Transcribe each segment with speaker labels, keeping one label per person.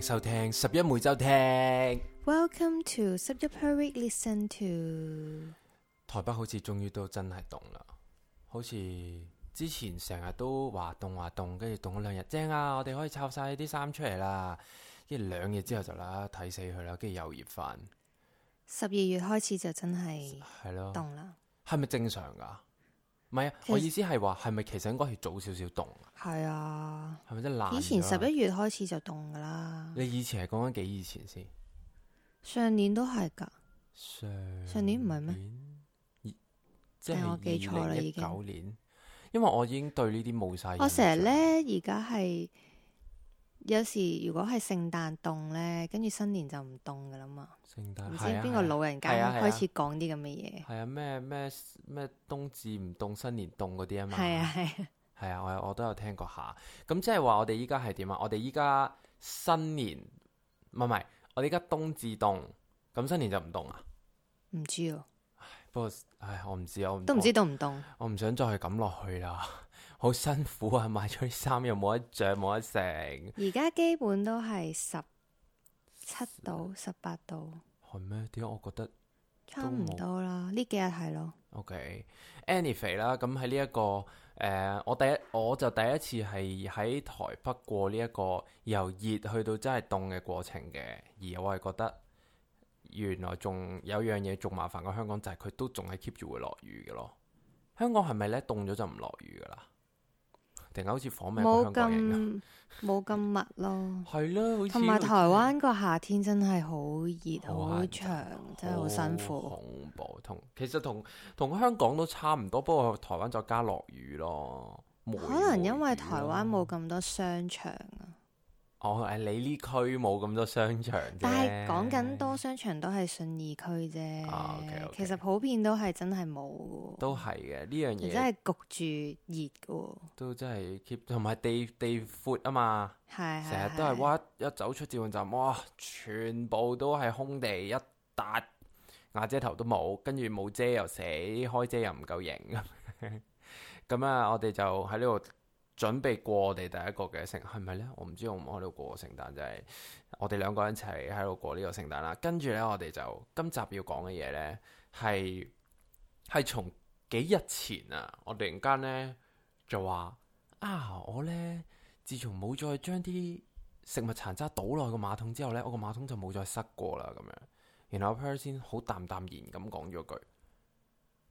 Speaker 1: 收聽十一每周聽
Speaker 2: ，Welcome to 十一 per week listen to
Speaker 1: 台北好似終於都真係凍啦，好似之前成日都話凍話凍，跟住凍咗兩日，正啊，我哋可以摷晒啲衫出嚟啦。跟住兩日之後就啦，睇死佢啦，跟住又熱返。
Speaker 2: 十二月開始就真係係咯凍啦，
Speaker 1: 係咪正常㗎？唔係啊，其實，我意思係話係咪其實應該係早少少凍
Speaker 2: 啊？係啊，
Speaker 1: 係咪真係冷？以前十一
Speaker 2: 月開始就凍噶啦。
Speaker 1: 你以前係講緊幾以前先？
Speaker 2: 上年都係噶。上上年唔係咩？年？即係我記錯啦，已經。九
Speaker 1: 年，因為我已經對呢啲冇晒印象。我成日
Speaker 2: 咧，而家係。有時如果係聖誕凍咧，跟住新年就唔凍噶啦嘛。聖誕唔知邊個老人家、啊啊啊、開始講啲咁嘅嘢。
Speaker 1: 係啊，咩咩咩冬至唔凍，新年凍嗰啲啊嘛。係啊係啊。係啊，啊，我我都有聽過下。咁即係話我哋依家係點啊？我哋依家新年唔係唔係，我哋依家冬至凍，咁新年就唔凍啊？
Speaker 2: 唔知
Speaker 1: 啊。唉，不過唉，我唔知我唔都唔知道唔凍。我唔想再係咁落去啦。好辛苦啊！買咗啲衫又冇得着，冇得成。而
Speaker 2: 家基本都係十七度、十八度，
Speaker 1: 係咩？點解我覺得差唔多
Speaker 2: 啦？呢幾日係咯。
Speaker 1: OK，Anyway 啦，咁喺呢一個誒，我第一我就第一次係喺台北過呢一個由熱去到真係凍嘅過程嘅。而我係覺得原來仲有樣嘢仲麻煩過香港，就係佢都仲係 keep 住會落雨嘅咯。香港係咪咧凍咗就唔落雨噶啦？好似冇咁
Speaker 2: 冇咁密咯，係咯， 同埋台灣個夏天真係好熱像好長，真係好辛苦。恐怖
Speaker 1: 同，其實同同香港都差唔多，不過台灣就加落雨咯。雨咯可能
Speaker 2: 因為台灣冇咁多商場啊。
Speaker 1: 我係、哦、你呢區冇咁多商場，但係講緊
Speaker 2: 多商場都係信義區啫。啊、o、okay, k、okay, 其實普遍都係真係冇，都
Speaker 1: 係嘅呢樣嘢。真係
Speaker 2: 焗住熱噶。都
Speaker 1: 真係 keep，同埋地地闊啊嘛。
Speaker 2: 係係成日都係
Speaker 1: 哇，的一走出捷運站哇，全部都係空地一笪，瓦遮頭都冇，跟住冇遮又死，開遮又唔夠型。咁啊，我哋就喺呢度。準備過我哋第一個嘅聖誕，係咪呢？我唔知我唔喺度過聖誕，就係、是，我哋兩個人一齊喺度過呢個聖誕啦。跟住呢，我哋就今集要講嘅嘢呢，係係從幾日前啊，我突然間呢，就話啊，我呢，自從冇再將啲食物殘渣倒落個馬桶之後呢，我個馬桶就冇再塞過啦咁樣。然後 Per 先好淡淡然咁講咗句：，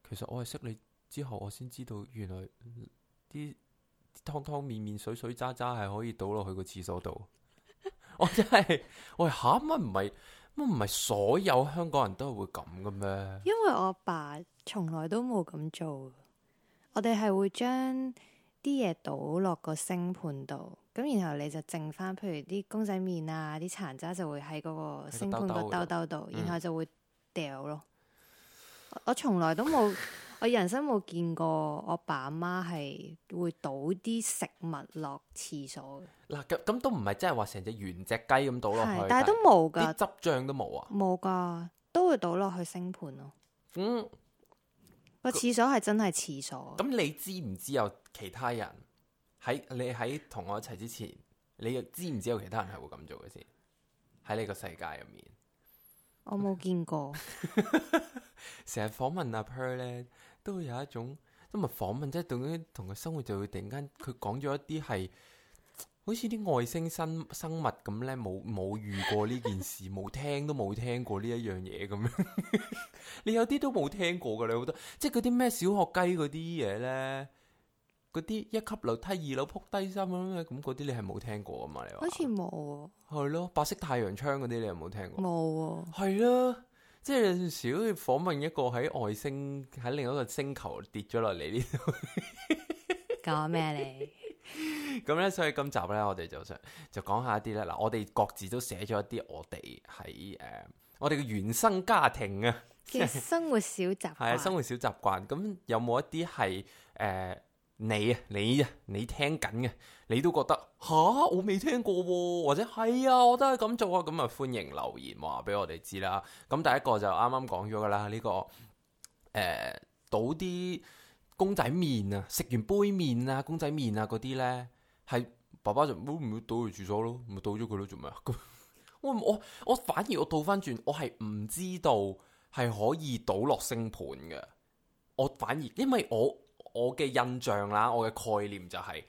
Speaker 1: 其實我係識你之後，我先知道原來啲。嗯湯湯麵麵水水渣渣係可以倒落去個廁所度， 我真係我諗下，乜唔係乜唔係所有香港人都會咁嘅咩？
Speaker 2: 因為我阿爸從來都冇咁做，我哋係會將啲嘢倒落個星盤度，咁然後你就剩翻，譬如啲公仔麵啊、啲殘渣就會喺嗰個星盤個兜兜度，然後就會掉咯。嗯、我從來都冇。 我人生冇見過，我爸阿媽係會倒啲食物落廁所
Speaker 1: 嘅。嗱，咁都唔係真係話成隻原隻雞咁倒落去，但係都冇㗎，啲汁醬都冇啊，
Speaker 2: 冇㗎，都會倒落去星盆咯。嗯，個廁所係真係廁所。
Speaker 1: 咁你知唔知有其他人喺你喺同我一齊之前，你又知唔知有其他人係會咁做嘅先？喺呢個世界入面，
Speaker 2: 我冇見過。
Speaker 1: 成日 訪問阿、啊、Per 咧。都會有一種，咁咪訪問即係，等於同佢生活就會突然間，佢講咗一啲係，好似啲外星生生物咁咧，冇冇遇過呢件事，冇 聽都冇聽過呢一樣嘢，咁樣。 你有啲都冇聽過噶，你覺得？即係嗰啲咩小學雞嗰啲嘢咧，嗰啲一級樓梯二樓撲低身咁樣咁，嗰啲你係冇聽過噶嘛？你話？好似冇，係咯，白色太陽窗嗰啲你有冇聽過？
Speaker 2: 冇、啊，
Speaker 1: 係咯。即係有陣時訪問一個喺外星，喺另一個星球跌咗落嚟呢度
Speaker 2: 講咩咧？
Speaker 1: 咁咧， 所以今集咧，我哋就想就講下一啲咧。嗱，我哋各自都寫咗一啲我哋喺誒，我哋嘅原生家庭啊，即係生
Speaker 2: 活小習慣係啊，生活
Speaker 1: 小習慣。咁有冇一啲係誒？呃你啊，你啊，你聽緊嘅，你都覺得吓，我未聽過，哦，或者係啊，我都係咁做啊，咁啊歡迎留言話俾我哋知啦。咁第一個就啱啱講咗噶啦，呢，這個誒，呃、倒啲公仔麵啊，食完杯麵啊，公仔麵啊嗰啲咧，係爸爸就唔會唔會倒去廁所咯，咪倒咗佢咯，做咩啊？我我我反而我倒翻轉，我係唔知道係可以倒落星盆嘅，我反而因為我。我嘅印象啦，我嘅概念就係、係、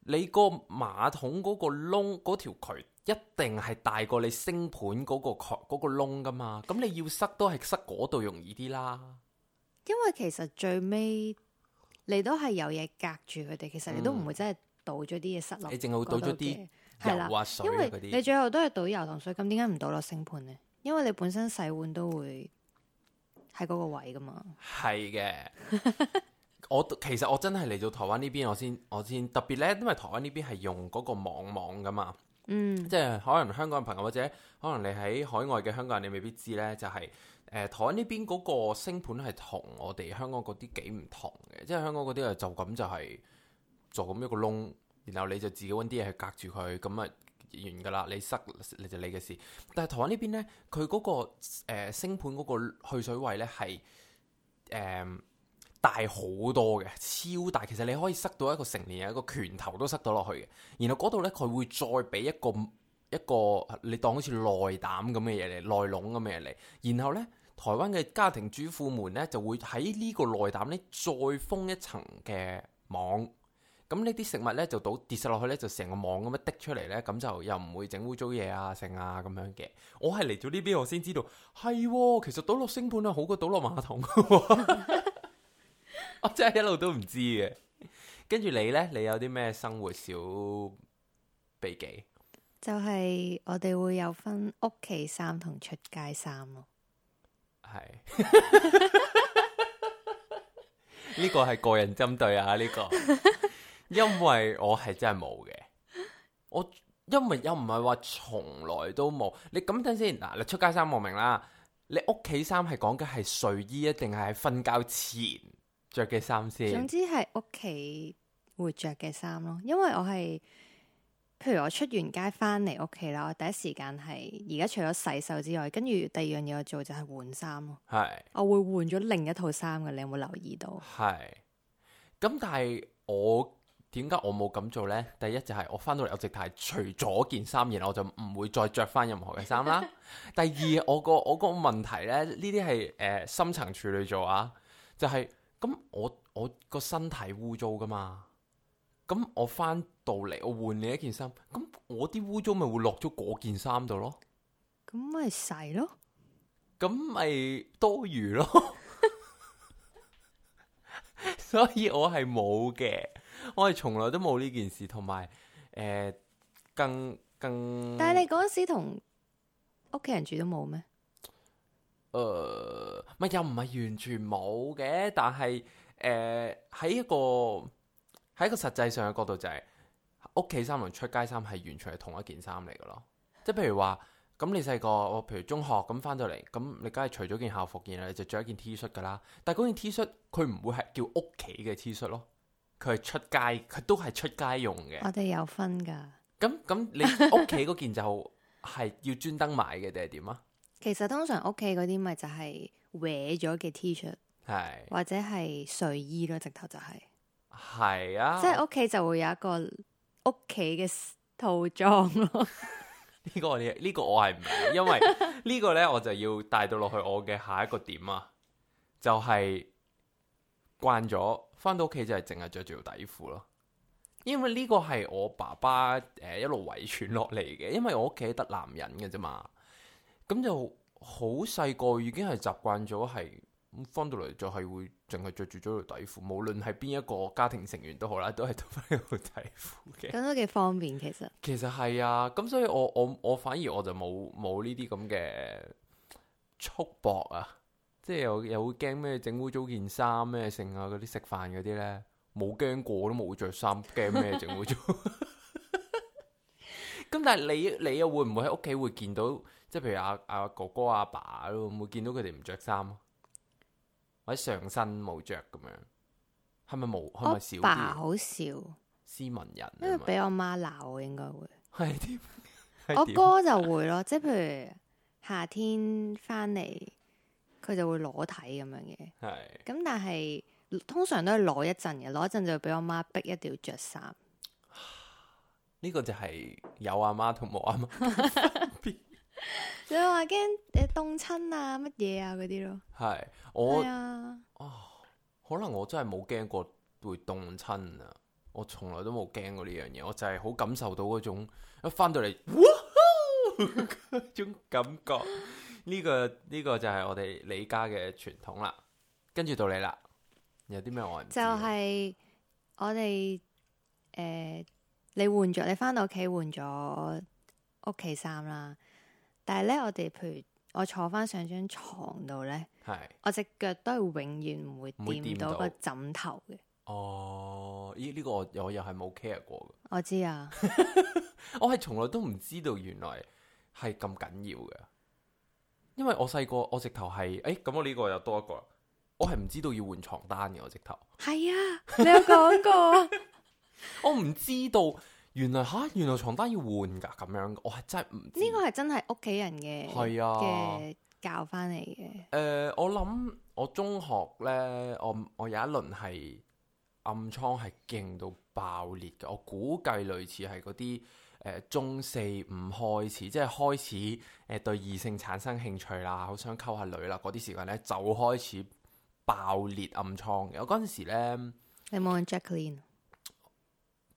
Speaker 1: 你個馬桶嗰個窿嗰條渠一定係大過你星盤嗰、嗰個、嗰個窿噶嘛，咁你要塞都係塞嗰度容易啲啦。
Speaker 2: 因為其實最尾你都係有嘢隔住佢哋，其實你都唔會真係倒咗啲嘢塞落、嗯。你淨係會倒咗啲油呀水啊因為 些你最後都係倒油同水，咁點解唔倒落星盤呢？因為你本身洗碗都會喺嗰個位噶嘛。
Speaker 1: 係嘅的。 我其實我真係嚟到台灣呢邊，我先我先特別呢，因為台灣呢邊係用嗰個網網噶嘛，嗯，即係可能香港嘅朋友或者可能你喺海外嘅香港人，你未必知呢，就係誒台灣呢邊嗰個星盤係同我哋香港嗰啲幾唔同嘅，即係香港嗰啲係就咁就係做咁一個窿，然後你就自己揾啲嘢去隔住佢，咁啊完噶啦，你塞你就你嘅事。但係台灣呢邊呢，佢嗰個誒星盤嗰個去水位呢，係誒。呃大好多嘅，超大。其實你可以塞到一個成年人，一個拳頭都塞到落去嘅。然後嗰度呢，佢會再俾一個一個你當好似內膽咁嘅嘢嚟，內籠咁嘅嘢嚟。然後呢，台灣嘅家庭主婦們呢，就會喺呢個內膽呢再封一層嘅網。咁呢啲食物呢，就倒跌實落去呢，就成個網咁樣滴出嚟呢。咁就又唔會整污糟嘢啊剩啊咁樣嘅。我係嚟咗呢邊，我先知道係，哦，其實倒落星盤啊，好過倒落馬桶。 我真係一路都唔知嘅，跟住你呢，你有啲咩生活小秘技？
Speaker 2: 就係我哋會有分屋企衫同出街衫咯。
Speaker 1: 係，呢個係個人針對啊！呢、這個 因，因為我係真係冇嘅。我因為又唔係話從來都冇。你咁等先嗱，你出街衫我明啦，你屋企衫係講嘅係睡衣啊，定係喺瞓覺前？着嘅衫先，總之
Speaker 2: 係屋企會着嘅衫咯，因為我係，譬如我出完街翻嚟屋企啦，我第一時間係而家除咗洗手之外，跟住第二樣嘢我做就係換衫咯。係是，我會換咗另一套衫嘅，你有冇留意到？
Speaker 1: 係，咁但係我點解我冇咁做咧？第一就係我翻到嚟我直頭係除咗件衫，然後我就唔會再着翻任何嘅衫啦。 第二我個我個問題咧，呢啲係誒深層處女座啊，就係，是。咁我我個身體污糟噶嘛？咁我返到嚟，我換你一件衫，咁我啲污糟咪會落咗嗰件衫度咯？
Speaker 2: 咁咪細咯？
Speaker 1: 咁咪多餘咯？ 所以我係冇嘅，我係從來都冇呢件事，同埋誒，更更，但係你
Speaker 2: 嗰時同屋企人住都冇咩？
Speaker 1: 誒，咪、呃、又唔係完全冇嘅，但係誒喺一個喺一個實際上嘅角度就係屋企衫同出街衫係完全係同一件衫嚟嘅咯。即係譬如話，咁你細個，我譬如中學咁翻到嚟，咁你梗係除咗件校服件，你就着一件 T 恤噶啦。但係嗰件 T 恤，佢唔會係叫屋企嘅 T 恤咯，佢係出街，佢都係出街用嘅。我哋
Speaker 2: 有分噶。咁咁，你
Speaker 1: 屋企嗰件就係要專登買嘅定係點啊？
Speaker 2: 其實通常屋企嗰啲咪就係歪咗嘅 T 恤，shirt, 是或者係睡衣咯，直頭就係、
Speaker 1: 是、係啊，即係屋
Speaker 2: 企就會有一個屋企嘅套裝咯。
Speaker 1: 呢、 這個呢呢、這個我係唔係，因為個呢個咧我就要帶到落去我嘅下一個點啊，就係慣咗翻到屋企就係淨係着住條底褲咯。因為呢個係我爸爸誒、呃、一路遺傳落嚟嘅，因為我屋企得男人嘅啫嘛。咁就好細個已經係習慣咗係，翻到嚟就係會淨係着住咗條底褲，無論係邊一個家庭成員都好啦，都係着翻條底褲嘅。咁都幾
Speaker 2: 方便其實。
Speaker 1: 其實係啊，咁所以我我我反而我就冇冇呢啲咁嘅束縛啊，即係又又會驚咩整污糟件衫咩剩啊嗰啲食飯嗰啲咧，冇驚過都冇着衫，驚咩整污糟。咁 但係你你又會唔會喺屋企會見到？即係譬如阿阿、啊啊、哥哥阿、啊、爸咯，會唔會見到佢哋唔着衫，或者上身冇着咁樣，係咪冇？係咪少？爸好
Speaker 2: 少，斯文人，是是因為俾我媽鬧，應該會係。我哥就會咯， 即係譬如夏天翻嚟，佢就會裸體咁樣嘅。係是。咁但係通常都係裸一陣嘅，裸一陣就會俾我媽逼一定要着衫。
Speaker 1: 呢 個就係有阿媽同冇阿媽。
Speaker 2: 你話驚誒凍親啊乜嘢啊嗰啲咯？
Speaker 1: 係我 啊，可能我真係冇驚過會凍親啊！我從來都冇驚過呢樣嘢，我就係好感受到嗰種一翻到嚟，哇， 嗰種感覺。呢、這個呢、這個就係我哋李家嘅傳統啦。跟住到你啦，有啲咩我
Speaker 2: 就係我哋誒、呃，你換咗，你翻到屋企換咗屋企衫啦。但係咧，我哋譬如我坐翻上張床度咧，是我隻腳都係永遠唔會掂到個枕頭嘅。
Speaker 1: 哦，依、這、呢個我又係冇 care 過嘅。
Speaker 2: 我知啊，
Speaker 1: 我係從來都唔知道原來係咁緊要嘅。因為我細個我直頭係，誒、欸、咁我呢個又多一個，我係唔知道要換床單嘅我直頭。
Speaker 2: 係啊，你有講過， 我
Speaker 1: 唔知道。原來嚇，原來床單要換㗎，咁樣我係真係唔知，
Speaker 2: 呢個係真係屋企人嘅，係啊嘅教翻嚟嘅。
Speaker 1: 誒，我諗我中學咧，我我有一輪係暗瘡係勁到爆裂嘅。我估計類似係嗰啲誒中四五開始，即係開始誒對異性產生興趣啦，好想溝下女啦，嗰啲時間咧就開始爆裂暗瘡嘅。我嗰陣時咧，你
Speaker 2: 有冇 Jacklin？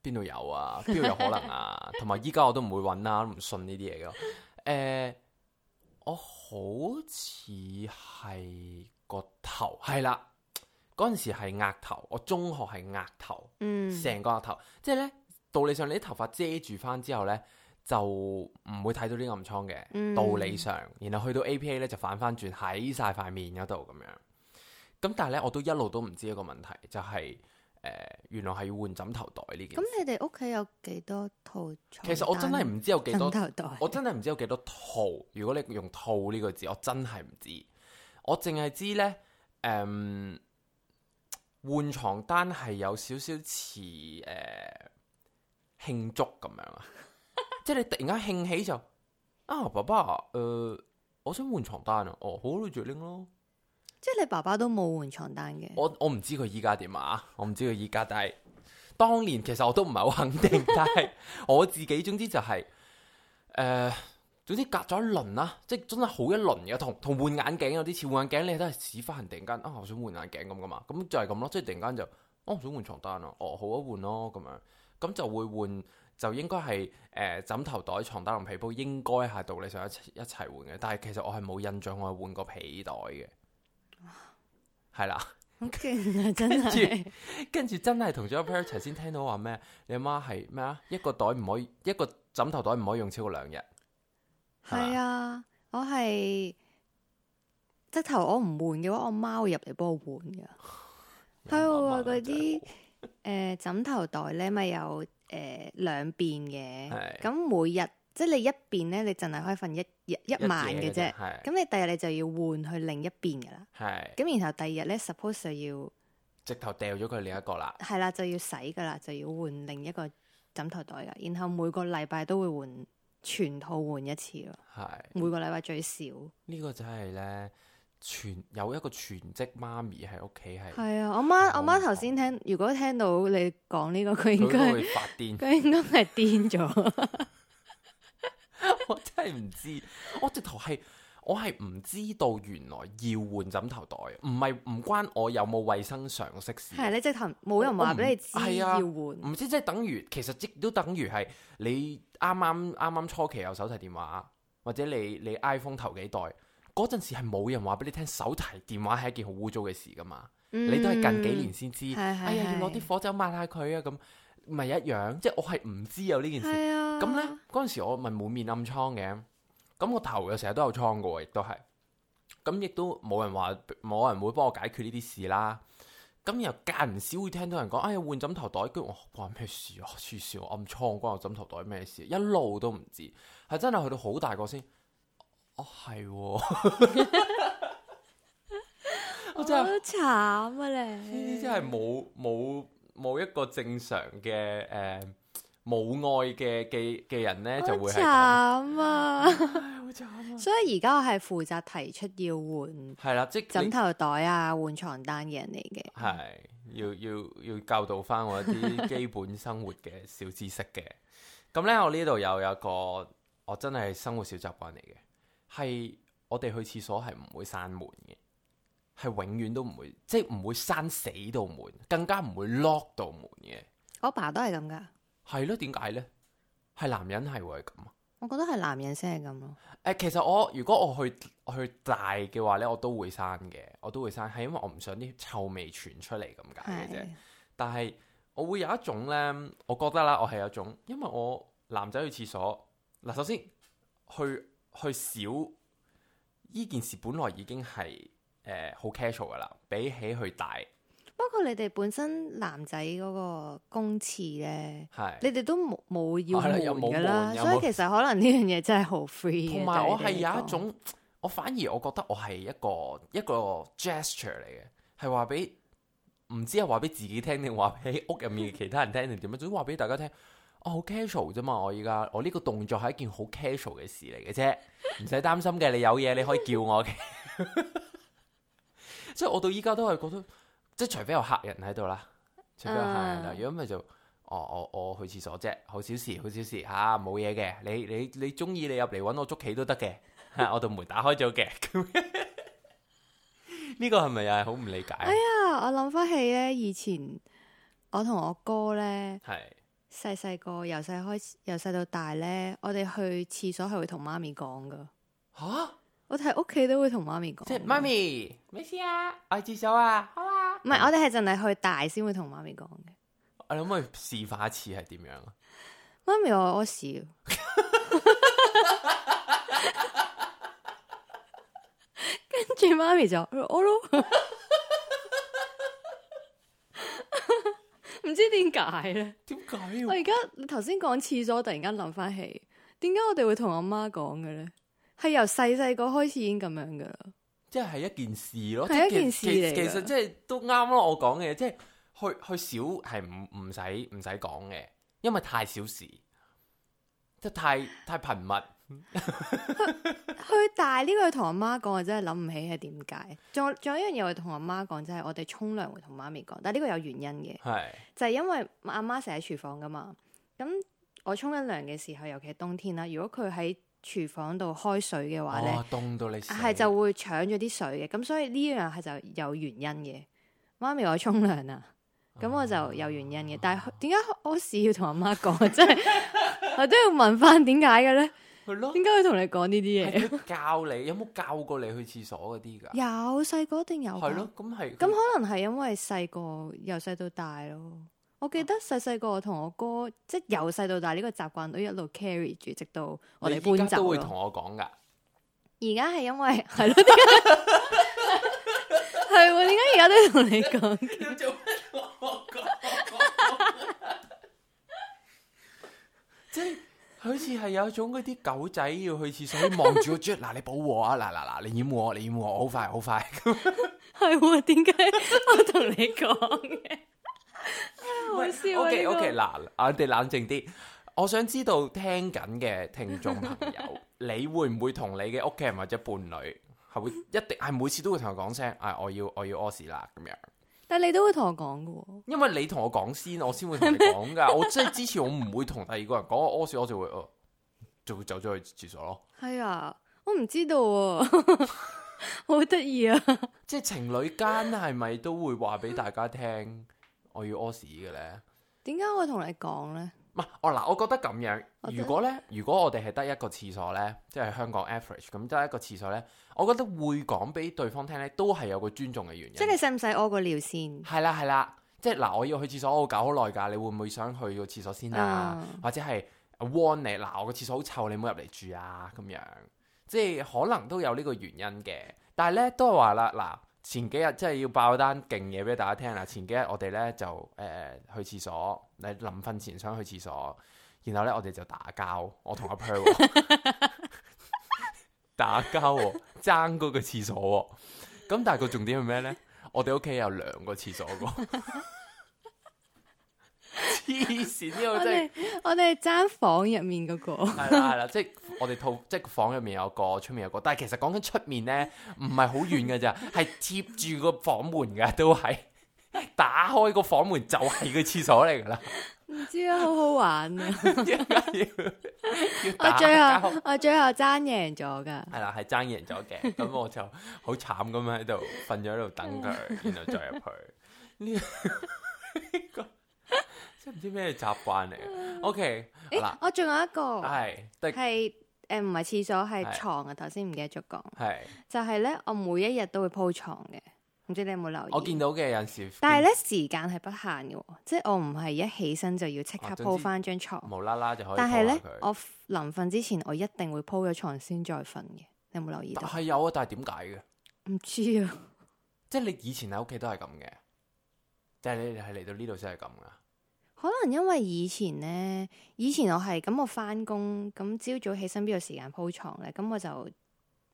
Speaker 1: 邊度有啊？邊度有可能啊？同埋依家我都唔會揾啦，啊，都唔信呢啲嘢嘅。誒、呃，我好似係個頭，係啦，嗰陣時係額頭，我中學係額頭，成、嗯、個額頭，即、就、係、是、呢，道理上你啲頭髮遮住翻之後呢，就唔會睇到啲暗瘡嘅，嗯、道理上。然後去到 APA 呢，就反翻轉喺晒塊面嗰度咁樣。咁但係呢，我都一路都唔知一個問題，就係、是。誒，原來係要換枕頭袋呢件。咁
Speaker 2: 你哋屋企有幾多套床單？其實我真係唔知有幾多。枕頭袋？
Speaker 1: 我真係唔知有幾多套。如果你用套呢個字，我真係唔知。我淨係知呢，誒、嗯，換床單係有少少似誒慶祝咁樣啊， 即係你突然間興起就，啊爸爸，誒、呃，我想換床單啊，哦，好耐冇換啦。
Speaker 2: 即係你爸爸都冇換床單嘅。
Speaker 1: 我我唔知佢依家點啊。我唔知佢依家，但係當年其實我都唔係好肯定。 但係我自己總之就係、是、誒、呃，總之隔咗一輪啦，即係真係好一輪嘅。同同換眼鏡有啲似，換眼鏡你都係屎忽痕突然間啊，我想換眼鏡咁噶嘛。咁就係咁咯，即係突然間就啊，唔想換床單啊。哦，好一換咯咁樣，咁就會換，就應該係誒枕頭袋、床單同被鋪應該係道理上一一齊換嘅。但係其實我係冇印象，我係換過被袋嘅。係啦，
Speaker 2: 跟住
Speaker 1: 跟住真係同咗張 Per 一齊先聽到話咩？你阿媽係咩啊？一個袋唔可以，一個枕頭袋唔可以用超過兩日。
Speaker 2: 係 啊，我係枕頭我唔換嘅話，我媽會入嚟幫我換噶。係喎 媽，嗰啲誒枕頭袋咧咪有誒、呃、兩邊嘅，咁 每日。即係你一邊咧，你淨係可以瞓一日一晚嘅啫。咁你第日你就要換去另一邊噶啦。係。咁然後第二日咧，suppose 就要
Speaker 1: 直頭掉咗佢另一個啦。
Speaker 2: 係啦，就要洗噶啦，就要換另一個枕頭袋噶。然後每個禮拜都會換全套換一次咯。係是。每個禮拜最少。
Speaker 1: 呢、嗯這個就係咧，全有一個全職媽咪喺屋企係。係
Speaker 2: 啊，我媽我媽頭先聽，如果聽到你講呢、這個，佢應該佢應該係癲咗。
Speaker 1: 我真係唔知，我直頭係我係唔知道原來要換枕頭袋，唔係唔關我衛 有冇衛生常識事。係你直頭
Speaker 2: 冇人話俾你知，係啊，要換。
Speaker 1: 唔知即係等於，其實即都等於係你啱啱啱啱初期有手提電話，或者你你 iPhone 頭幾代嗰陣時係冇人話俾你聽手提電話係一件好污糟嘅事噶嘛？你都係近幾年先知，嗯、 哎呀，要攞啲火酒抹下佢啊咁，唔係一樣？即係我係唔知有呢件事。咁咧，嗰陣時我咪滿面暗瘡嘅，咁我頭又成日都有瘡嘅，亦都係，咁亦都冇人話冇人會幫我解決呢啲事啦。咁又間唔少會聽到人講，哎換枕頭袋，跟住我關咩事啊？痴線，暗瘡關我枕頭袋咩事、啊？一路都唔知，係真係去到好大個先，哦、啊、係，我真
Speaker 2: 係好慘啊,啊你，呢啲真係
Speaker 1: 冇冇冇一個正常嘅誒。Uh, 冇愛嘅嘅嘅人呢就會係
Speaker 2: 慘啊！啊 所以而家我係負責提出要換係啦，即枕頭袋啊，換、啊啊、床單嘅人嚟嘅。
Speaker 1: 係要要要教導翻我一啲基本生活嘅小知識嘅。咁 呢，我呢度又有一個我真係生活小習慣嚟嘅，係我哋去廁所係唔會閂門嘅，係永遠都唔會，即係唔會閂死度門，更加唔會 lock 度門嘅。
Speaker 2: 我爸都係咁噶。
Speaker 1: 係咯，點解呢？係男人係會咁啊？
Speaker 2: 我覺得係男人先係咁咯。
Speaker 1: 其實我如果我去我去大嘅話呢，我都會生嘅，我都會生，係因為我唔想啲臭味傳出嚟咁解嘅啫。的但係我會有一種呢，我覺得啦，我係有一種，因為我男仔去廁所嗱、呃，首先去去小呢件事本來已經係誒好 casual 噶啦，比起去大。
Speaker 2: 不過你哋本身男仔嗰個公廁咧，係你哋都冇冇要嘅啦，有冇嘅啦，所以其實可能呢樣嘢真係好 free 同埋還有 我係有一種，
Speaker 1: 我反而我覺得我係一,一個一個 gesture 嚟嘅，係話俾唔知係話俾自己聽定話俾屋入面其他人聽定點樣，總之話俾大家聽，我好 casual 啫嘛。我依家我呢個動作係一件好 casual 嘅事嚟嘅啫，唔使擔心嘅。你有嘢你可以叫我嘅，即係 我到依家都係覺得。即係除非有客人喺度啦，
Speaker 2: 除非有客人啦，
Speaker 1: 如果咪就、哦、我我我去廁所啫，好小事，好小事吓，冇嘢嘅。你你你中意你入嚟揾我捉棋都得嘅，我道門打開咗嘅。呢個係咪又係好唔理解啊？哎呀，
Speaker 2: 我諗翻起咧，以前我同我哥咧，係細細個由細開始由細到大咧，我哋去廁所係會同媽咪講噶吓，啊、我睇屋企都會同媽咪講，即係媽咪咩事啊？去廁所啊？好啊！唔係、嗯，我哋係淨係去大先會同媽咪講嘅。
Speaker 1: 我諗可以示範一次係點樣啊？
Speaker 2: 媽咪，我屙屎，跟住媽咪就，我咯，唔 知點解咧？點解？我而家你頭先講廁所，突然間諗翻起，點解我哋會同阿媽講嘅咧？係由細細個開始已經咁樣噶啦。
Speaker 1: 即係一件事咯，係一件事嚟嘅。其實即係都啱咯，我講嘅即係去去少係唔唔使唔使講嘅，因為太少事，即係太太頻密 去。
Speaker 2: 去大呢個同阿媽講，我真係諗唔起係點解。仲仲有,有一樣嘢我同阿媽講，就係、是、我哋沖涼會同媽咪講，但係呢個有原因嘅，係是就係因為阿媽成日喺廚房噶嘛。咁我沖緊涼嘅時候，尤其係冬天啦，如果佢喺。廚房度開水嘅話咧，
Speaker 1: 凍到你死、係、哦、就
Speaker 2: 會搶咗啲水嘅。咁所以呢樣係就有原因嘅。媽咪我沖涼啊，咁、嗯、我就有原因嘅。嗯、但係點解我屎要同阿媽講？真係 我都要問翻點解嘅咧？點解會同你講呢啲嘢？
Speaker 1: 教你有冇教過你去廁所嗰啲噶？
Speaker 2: 有，細個一定有。係咯，咁係。咁可能係因為細個由細到大咯。我記得細細個同我哥，即係由細到大呢個習慣都一路 carry 住，直到我哋搬走。而家都會同我講噶。而家係因為係咯，點解？ 係點解？而家都同你講？ 即
Speaker 1: 係好似係有一種嗰啲狗仔要去廁所，望住我啜嗱，你保護我啊！嗱嗱嗱，你掩護我，你掩護我，好快好快。
Speaker 2: 係點解我同你講嘅？笑 OK OK 嗱，我哋、啊
Speaker 1: okay, okay, 冷靜啲。我想知道聽緊嘅聽眾朋友， 你會唔會同你嘅屋企人或者伴侶係會一定係每次都會同佢講聲，哎，我要我要屙屎啦咁樣。
Speaker 2: 但係你都會同我講嘅、
Speaker 1: 哦，因為你同我講先，我先會同你講㗎。 我真係之前我唔會同第二個人講我屙屎，我就會、呃、就會走咗去廁所咯。
Speaker 2: 係啊，我唔知道，好得意啊！ 啊
Speaker 1: 即係情侶間係咪都會話俾大家聽？ 我要屙屎嘅咧，
Speaker 2: 點解我會同你講咧？
Speaker 1: 唔啊、哦，嗱、哦，我覺得咁樣，如果咧，如果我哋係得一個廁所咧，即係香港 average 咁得一個廁所咧，我覺得會講俾對方聽咧，都係有個尊重嘅原因。即係你使唔使屙個尿先？係啦係啦，即係嗱，我要去廁所，我搞好耐㗎，你會唔會想去個廁所先啊？或者係 warn 你嗱，我個廁所好臭，你唔好入嚟住啊！咁樣即係可能都有呢個原因嘅，但係咧都係話啦嗱。前幾日真係要爆單勁嘢俾大家聽啦！前幾日我哋咧就誒、呃、去廁所，誒臨瞓前想去廁所，然後咧我哋就打交，我同阿 Per 打交、哦、爭嗰個廁所喎、哦。咁但係個重點係咩咧？我哋屋企有兩個廁所喎。 黐線，呢個真係、 就
Speaker 2: 是、我哋爭、就是、房入面嗰個係啦係啦，即係
Speaker 1: 我哋套即係房入面有個，出面有個，但係其實講緊出面咧，唔係好遠噶咋，係貼住個房門噶，都係打開個房門就係個廁所嚟噶啦。
Speaker 2: 唔知啊，好好玩啊！ 要要我最後開我最後爭贏咗噶，係啦
Speaker 1: 係爭贏咗嘅，咁我， 我就好慘咁樣喺度瞓咗，喺度等佢， 然後再入
Speaker 2: 去呢
Speaker 1: 個。唔知咩習慣嚟？OK，誒，我仲有一個係
Speaker 2: 係誒，唔係廁所，係床啊！頭先唔記得咗講，係就係咧，我每一日都會鋪床嘅，唔知你有冇留意？我見
Speaker 1: 到嘅有時，但係咧
Speaker 2: 時間係不限嘅，即係我唔係一起身就要即刻鋪翻張床，
Speaker 1: 無啦啦就可以。但係咧，我
Speaker 2: 臨瞓之前我一定會鋪咗床先再瞓嘅，你有冇留意到？
Speaker 1: 係有啊，但係點解嘅？
Speaker 2: 唔知啊，
Speaker 1: 即係你以前喺屋企都係咁嘅，但係你係嚟到呢度先係咁噶。
Speaker 2: 可能因為以前咧，以前我係咁，我翻工咁朝早起身邊個時間鋪床咧？咁我就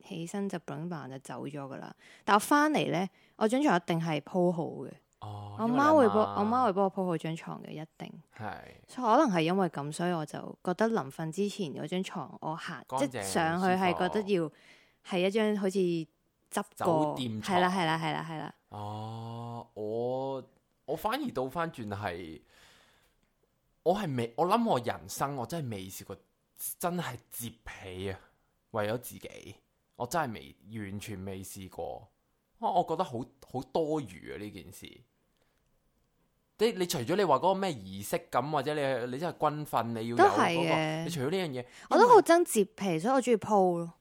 Speaker 2: 起身就 b r n 就走咗噶啦。但我翻嚟咧，我張床一定係鋪好嘅。哦，我媽會幫我媽會幫我鋪好張床嘅，一定係。所以可能係因為咁，所以我就覺得臨瞓之前嗰張床，我行即上去係覺得要係一張好似執過掂床係啦，係啦，係啦，係啦。哦，
Speaker 1: 我我反而倒翻轉係。我係未，我諗我人生我真係未試過，真係折皮啊！為咗自己，我真係未完全未試過。我我覺得好好多餘啊！呢件事，你你除咗你話嗰個咩儀式感，或者你你真係軍訓你要有嘅、嗰個，你除咗呢樣嘢，
Speaker 2: 我都好憎折皮，所以我中意鋪咯。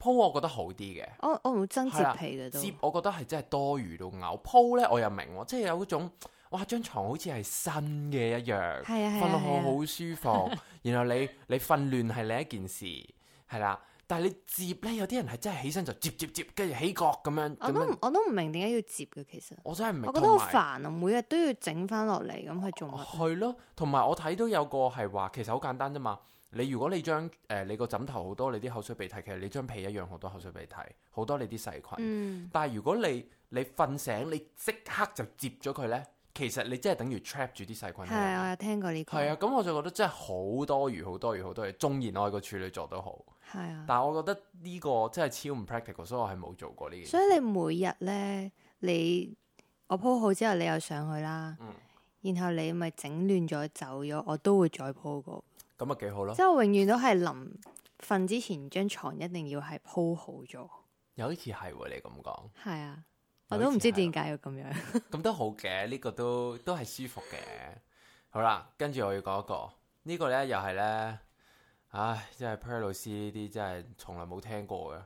Speaker 1: 鋪，我覺得好啲嘅。
Speaker 2: 我我唔會憎折皮嘅，折、啊、
Speaker 1: 我覺得係真係多餘到嘔。鋪咧我又明、啊，即係有一種。哇！張床好似係新嘅一樣，瞓落去好舒服。然後你你瞓亂係另一件事，係啦。但係你摺呢，有啲人係真係起身就摺摺摺，跟住起角咁樣。我都唔明點解要摺嘅，其實我真係唔明。我覺得好煩啊，
Speaker 2: 每日都要整翻落嚟咁去做乜？
Speaker 1: 係咯，同埋我睇都有個係話，其實好簡單啫嘛。你如果你張誒你個枕頭好多，你啲口水鼻涕，其實你張被一樣好多口水鼻涕，好多你啲細菌。嗯。但係如果你你瞓醒，你即刻就摺咗佢呢。其實你真係等於 trap 住啲細菌。係，
Speaker 2: 我有聽過呢句。係啊，
Speaker 1: 咁我就覺得真係好多餘，好多餘，好多嘢，縱然我係個處女座都好。係啊。但係我覺得呢個真係超唔 practical，所以我係冇做過呢件事。所以你
Speaker 2: 每日咧，你我鋪好之後，你又上去啦，嗯，然後你咪整亂咗走咗，我都會再鋪過。
Speaker 1: 咁啊，嗯，幾好咯。即係我永
Speaker 2: 遠都係臨瞓之前，張床一定要係鋪好咗。
Speaker 1: 有一次係你咁講。
Speaker 2: 係啊。我都唔知點解要咁樣，
Speaker 1: 咁 都好嘅，呢、這個都都係舒服嘅。好啦，跟住我要講一個，呢、這個呢又係呢，唉，真係 Per 老師呢啲真係從來冇聽過嘅、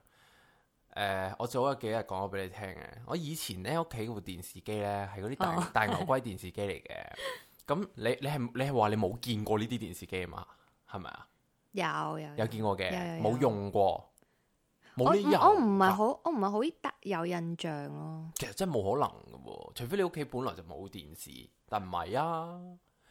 Speaker 1: 呃。我早有幾日講咗俾你聽嘅，我以前呢屋企部電視機呢，係嗰啲大、哦、大牛龜電視機嚟嘅。咁 你你係你係話你冇見過呢啲電視機啊嘛？係咪啊？
Speaker 2: 有有有見過嘅，冇
Speaker 1: 用過。冇理由、啊、我
Speaker 2: 我唔係好，我唔係好有印象咯、啊。
Speaker 1: 其實真係冇可能噶、啊，除非你屋企本來就冇電視，但唔係啊。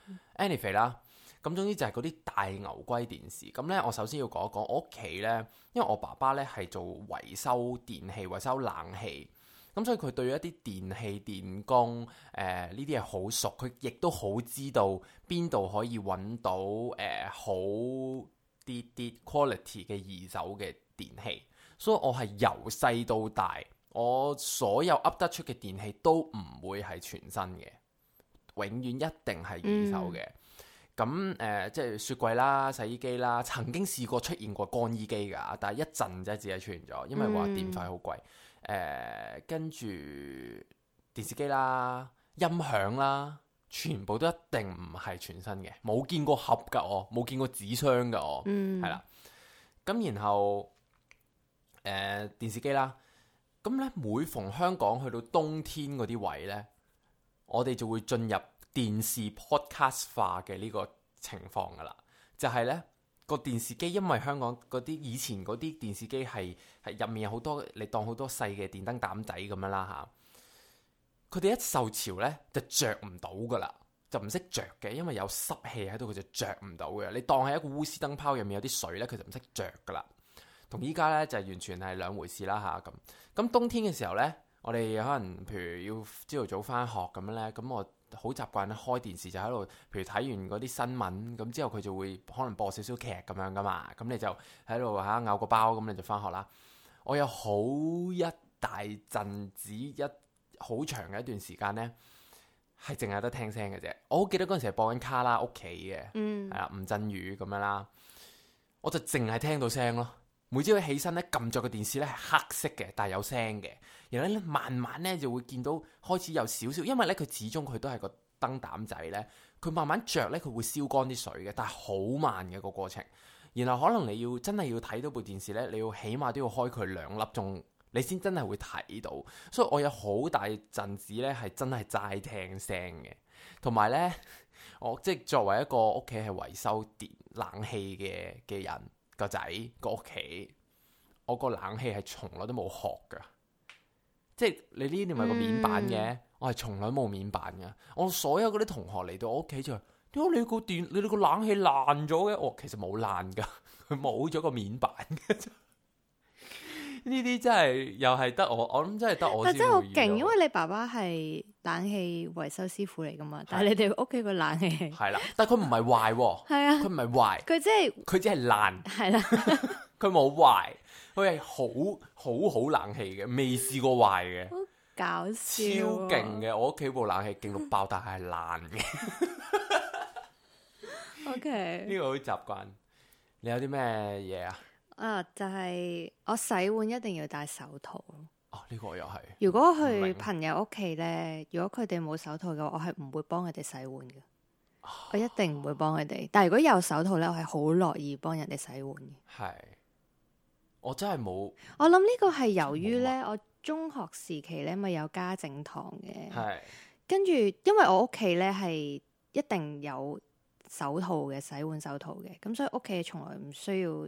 Speaker 1: 嗯、anyway 啦，咁總之就係嗰啲大牛龜電視咁呢，我首先要講一講我屋企呢，因為我爸爸呢係做維修電器、維修冷氣，咁所以佢對一啲電器電工誒呢啲嘢好熟，佢亦都好知道邊度可以揾到誒好啲啲 quality 嘅二手嘅電器。電所以我係由細到大，我所有噏得出嘅電器都唔會係全新嘅，永遠一定係二手嘅。咁誒、嗯呃，即係雪櫃啦、洗衣機啦，曾經試過出現過乾衣機㗎，但係一陣就只係出現咗，因為話電費好貴。誒、嗯，跟住、呃、電視機啦、音響啦，全部都一定唔係全新嘅，冇見過盒㗎我，冇見過紙箱㗎我，係啦。咁、嗯、然後。誒，uh, 電視機啦，咁、嗯、咧，每逢香港去到冬天嗰啲位咧，我哋就會進入電視 podcast 化嘅呢個情況噶啦，就係咧個電視機，因為香港嗰啲以前嗰啲電視機係係入面有好多你當好多細嘅電燈膽仔咁樣啦吓，佢、啊、哋一受潮咧就着唔到噶啦，就唔識着嘅，因為有濕氣喺度，佢就着唔到嘅。你當係一個鎢絲燈泡入面有啲水咧，佢就唔識着噶啦。同依家咧就完全係兩回事啦吓，咁、啊。咁冬天嘅時候咧，我哋可能譬如要朝頭早翻學咁樣咧，咁我好習慣咧開電視就喺度，譬如睇完嗰啲新聞咁之後，佢就會可能播少少劇咁樣噶嘛。咁你就喺度嚇咬個包咁，你就翻學啦。我有好一大陣子，一好長嘅一段時間咧，係淨係得聽聲嘅啫。我好記得嗰陣時播緊卡拉屋企嘅，嗯，係啊，吳鎮宇咁樣啦，我就淨係聽到聲咯。每朝佢起身咧，撳着個電視咧係黑色嘅，但係有聲嘅。然後咧，慢慢咧就會見到開始有少少，因為咧佢始終佢都係個燈膽仔咧，佢慢慢着咧佢會燒乾啲水嘅，但係好慢嘅個過程。然後可能你要真係要睇到部電視咧，你要起碼都要開佢兩粒鐘，你先真係會睇到。所以我有好大陣子咧係真係齋聽聲嘅，同埋咧，我即係作為一個屋企係維修電冷氣嘅嘅人。個仔個屋企，我個冷氣係從來都冇殼噶，即係你呢啲咪個面板嘅，嗯、我係從來冇面板噶。我所有嗰啲同學嚟到我屋企就話，喲，你個電，你個冷氣爛咗嘅，我其實冇爛噶，佢冇咗個面板。 呢啲真係又係得我，我諗真係得我。但真係好勁，
Speaker 2: 因為你爸爸係冷氣維修師傅嚟噶嘛，的但係你哋屋企個冷氣
Speaker 1: 係啦，但佢唔係壞，係啊的，佢唔係壞，佢即係佢只係爛，係啦，佢冇壞，佢 係 好好好冷氣嘅，未試過壞嘅，好搞
Speaker 2: 笑超，超勁
Speaker 1: 嘅，我屋企部冷氣勁到爆，但係係爛
Speaker 2: 嘅。OK，呢個
Speaker 1: 好習慣，你有啲咩嘢啊？
Speaker 2: 啊！就係、是，我洗碗一定要戴手套
Speaker 1: 哦，呢、啊呢個又係
Speaker 2: 如果去朋友屋企咧，白如果佢哋冇手套嘅，我係唔會幫佢哋洗碗嘅。啊、我一定唔會幫佢哋。但係如果有手套咧，我係好樂意幫人哋洗碗嘅。
Speaker 1: 係我真係冇，
Speaker 2: 我諗呢個係由於咧，我中學時期咧咪有家政堂嘅，係是跟住因為我屋企咧係一定有手套嘅洗碗手套嘅，咁所以屋企從來唔需要。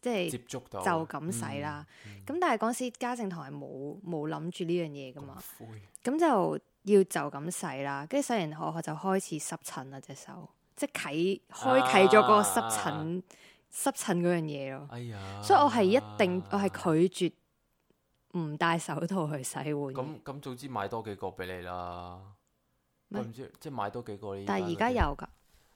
Speaker 2: 即係接觸到就咁洗啦，咁、嗯嗯、但係嗰時家政堂係冇冇諗住呢樣嘢㗎嘛，咁就要就咁洗啦，跟住洗完後後就，就開始濕疹啦隻手，即係啟開啟咗個濕疹、啊、濕疹嗰樣嘢咯。哎呀！所以我係一定我係拒絕唔戴手套去洗碗。咁咁、
Speaker 1: 啊啊啊啊啊啊、總之買多幾個俾你啦。
Speaker 2: 唔
Speaker 1: 知即係買多幾個，但係而家有㗎。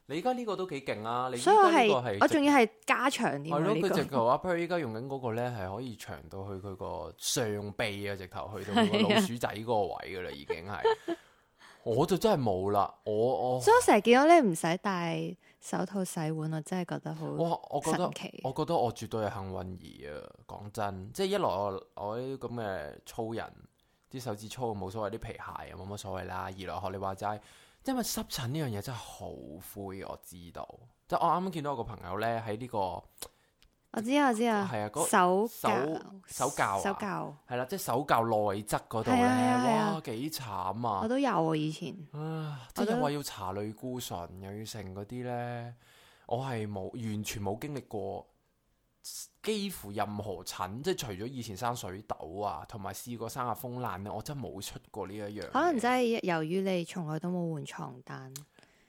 Speaker 1: 你而家呢個都幾勁啊！所以我你依家呢、啊啊這個我仲要係
Speaker 2: 加長啲，係咯，佢直頭
Speaker 1: 不過依家用緊嗰個咧係可以長到去佢個上臂啊！直頭去到個老鼠仔嗰個位噶啦，已經係 我就真係冇啦，我我。所以我
Speaker 2: 成日見到你唔使戴手套洗碗，我真係覺得好我，我覺得
Speaker 1: 我覺得我絕對係幸運兒啊！講真，即係一來我我呢啲咁嘅粗人，啲手指粗冇所謂，啲皮鞋冇乜所謂啦。二來學你話齋。因為濕疹呢樣嘢真係好灰，我知道。即我啱啱見到我個朋友咧、這個，喺呢個，
Speaker 2: 我知啊，我知啊，係、那、啊、個，手手手教，手教，啊、手教，
Speaker 1: 係啦，即手教內側嗰度咧，哇，幾慘啊！我都
Speaker 2: 有啊，以前啊，即話
Speaker 1: 要查類固醇類類，又要成嗰啲咧，我係冇完全冇經歷過。幾乎任何疹，即係除咗以前生水痘啊，同埋試過生阿風癩，我真冇出過呢一樣。可
Speaker 2: 能真係由於你從來都冇換床單。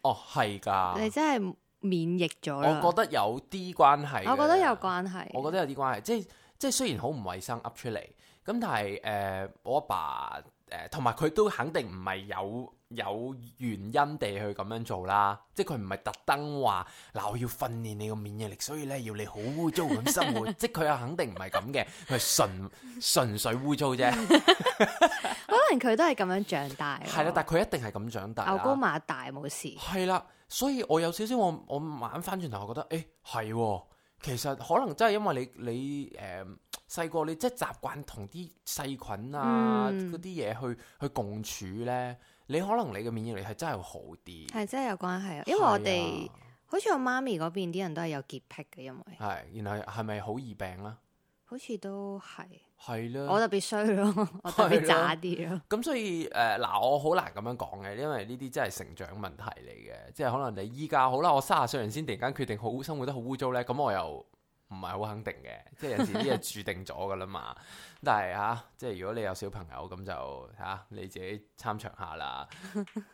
Speaker 1: 哦，係㗎，你真係
Speaker 2: 免疫咗。我覺
Speaker 1: 得有啲關係，我覺得有
Speaker 2: 關係，我覺得有啲關係，即係即係
Speaker 1: 雖然好唔衞生噏出嚟，咁但係誒、呃，我阿爸，爸。誒，同埋佢都肯定唔係有有原因地去咁樣做啦，即係佢唔係特登話嗱，我要訓練你個免疫力，所以咧要你好污糟咁生活， 即係佢又肯定唔係咁嘅，佢純純粹污糟啫，
Speaker 2: 可能佢都係咁樣長大，係啦， 但係
Speaker 1: 佢一定係咁長大，牛高
Speaker 2: 馬大冇事，係啦，
Speaker 1: 所以我有少少我我諗翻轉頭，我覺得誒係。欸其實可能真係因為你你誒細個，你即係習慣同啲細菌啊嗰啲嘢，去去共處咧，你可能你嘅免疫力係真係好啲，
Speaker 2: 係真係有關係啊。因為我哋、啊、好似我媽咪嗰邊啲人都係有潔癖嘅，因為
Speaker 1: 係然後係咪好易病啦，
Speaker 2: 啊？好似都係。
Speaker 1: 係啦，我特別衰咯、呃，我特別渣啲咯。咁所以誒，嗱，我好難咁樣講嘅，因為呢啲真係成長問題嚟嘅，即係可能你依家好啦，我三十歲人先突然間決定好生活得好污糟咧，咁我又。唔係好肯定嘅，即係有時啲嘢注定咗噶啦嘛。 但係吓、啊，即係如果你有小朋友咁就吓、啊、你自己參詳下啦。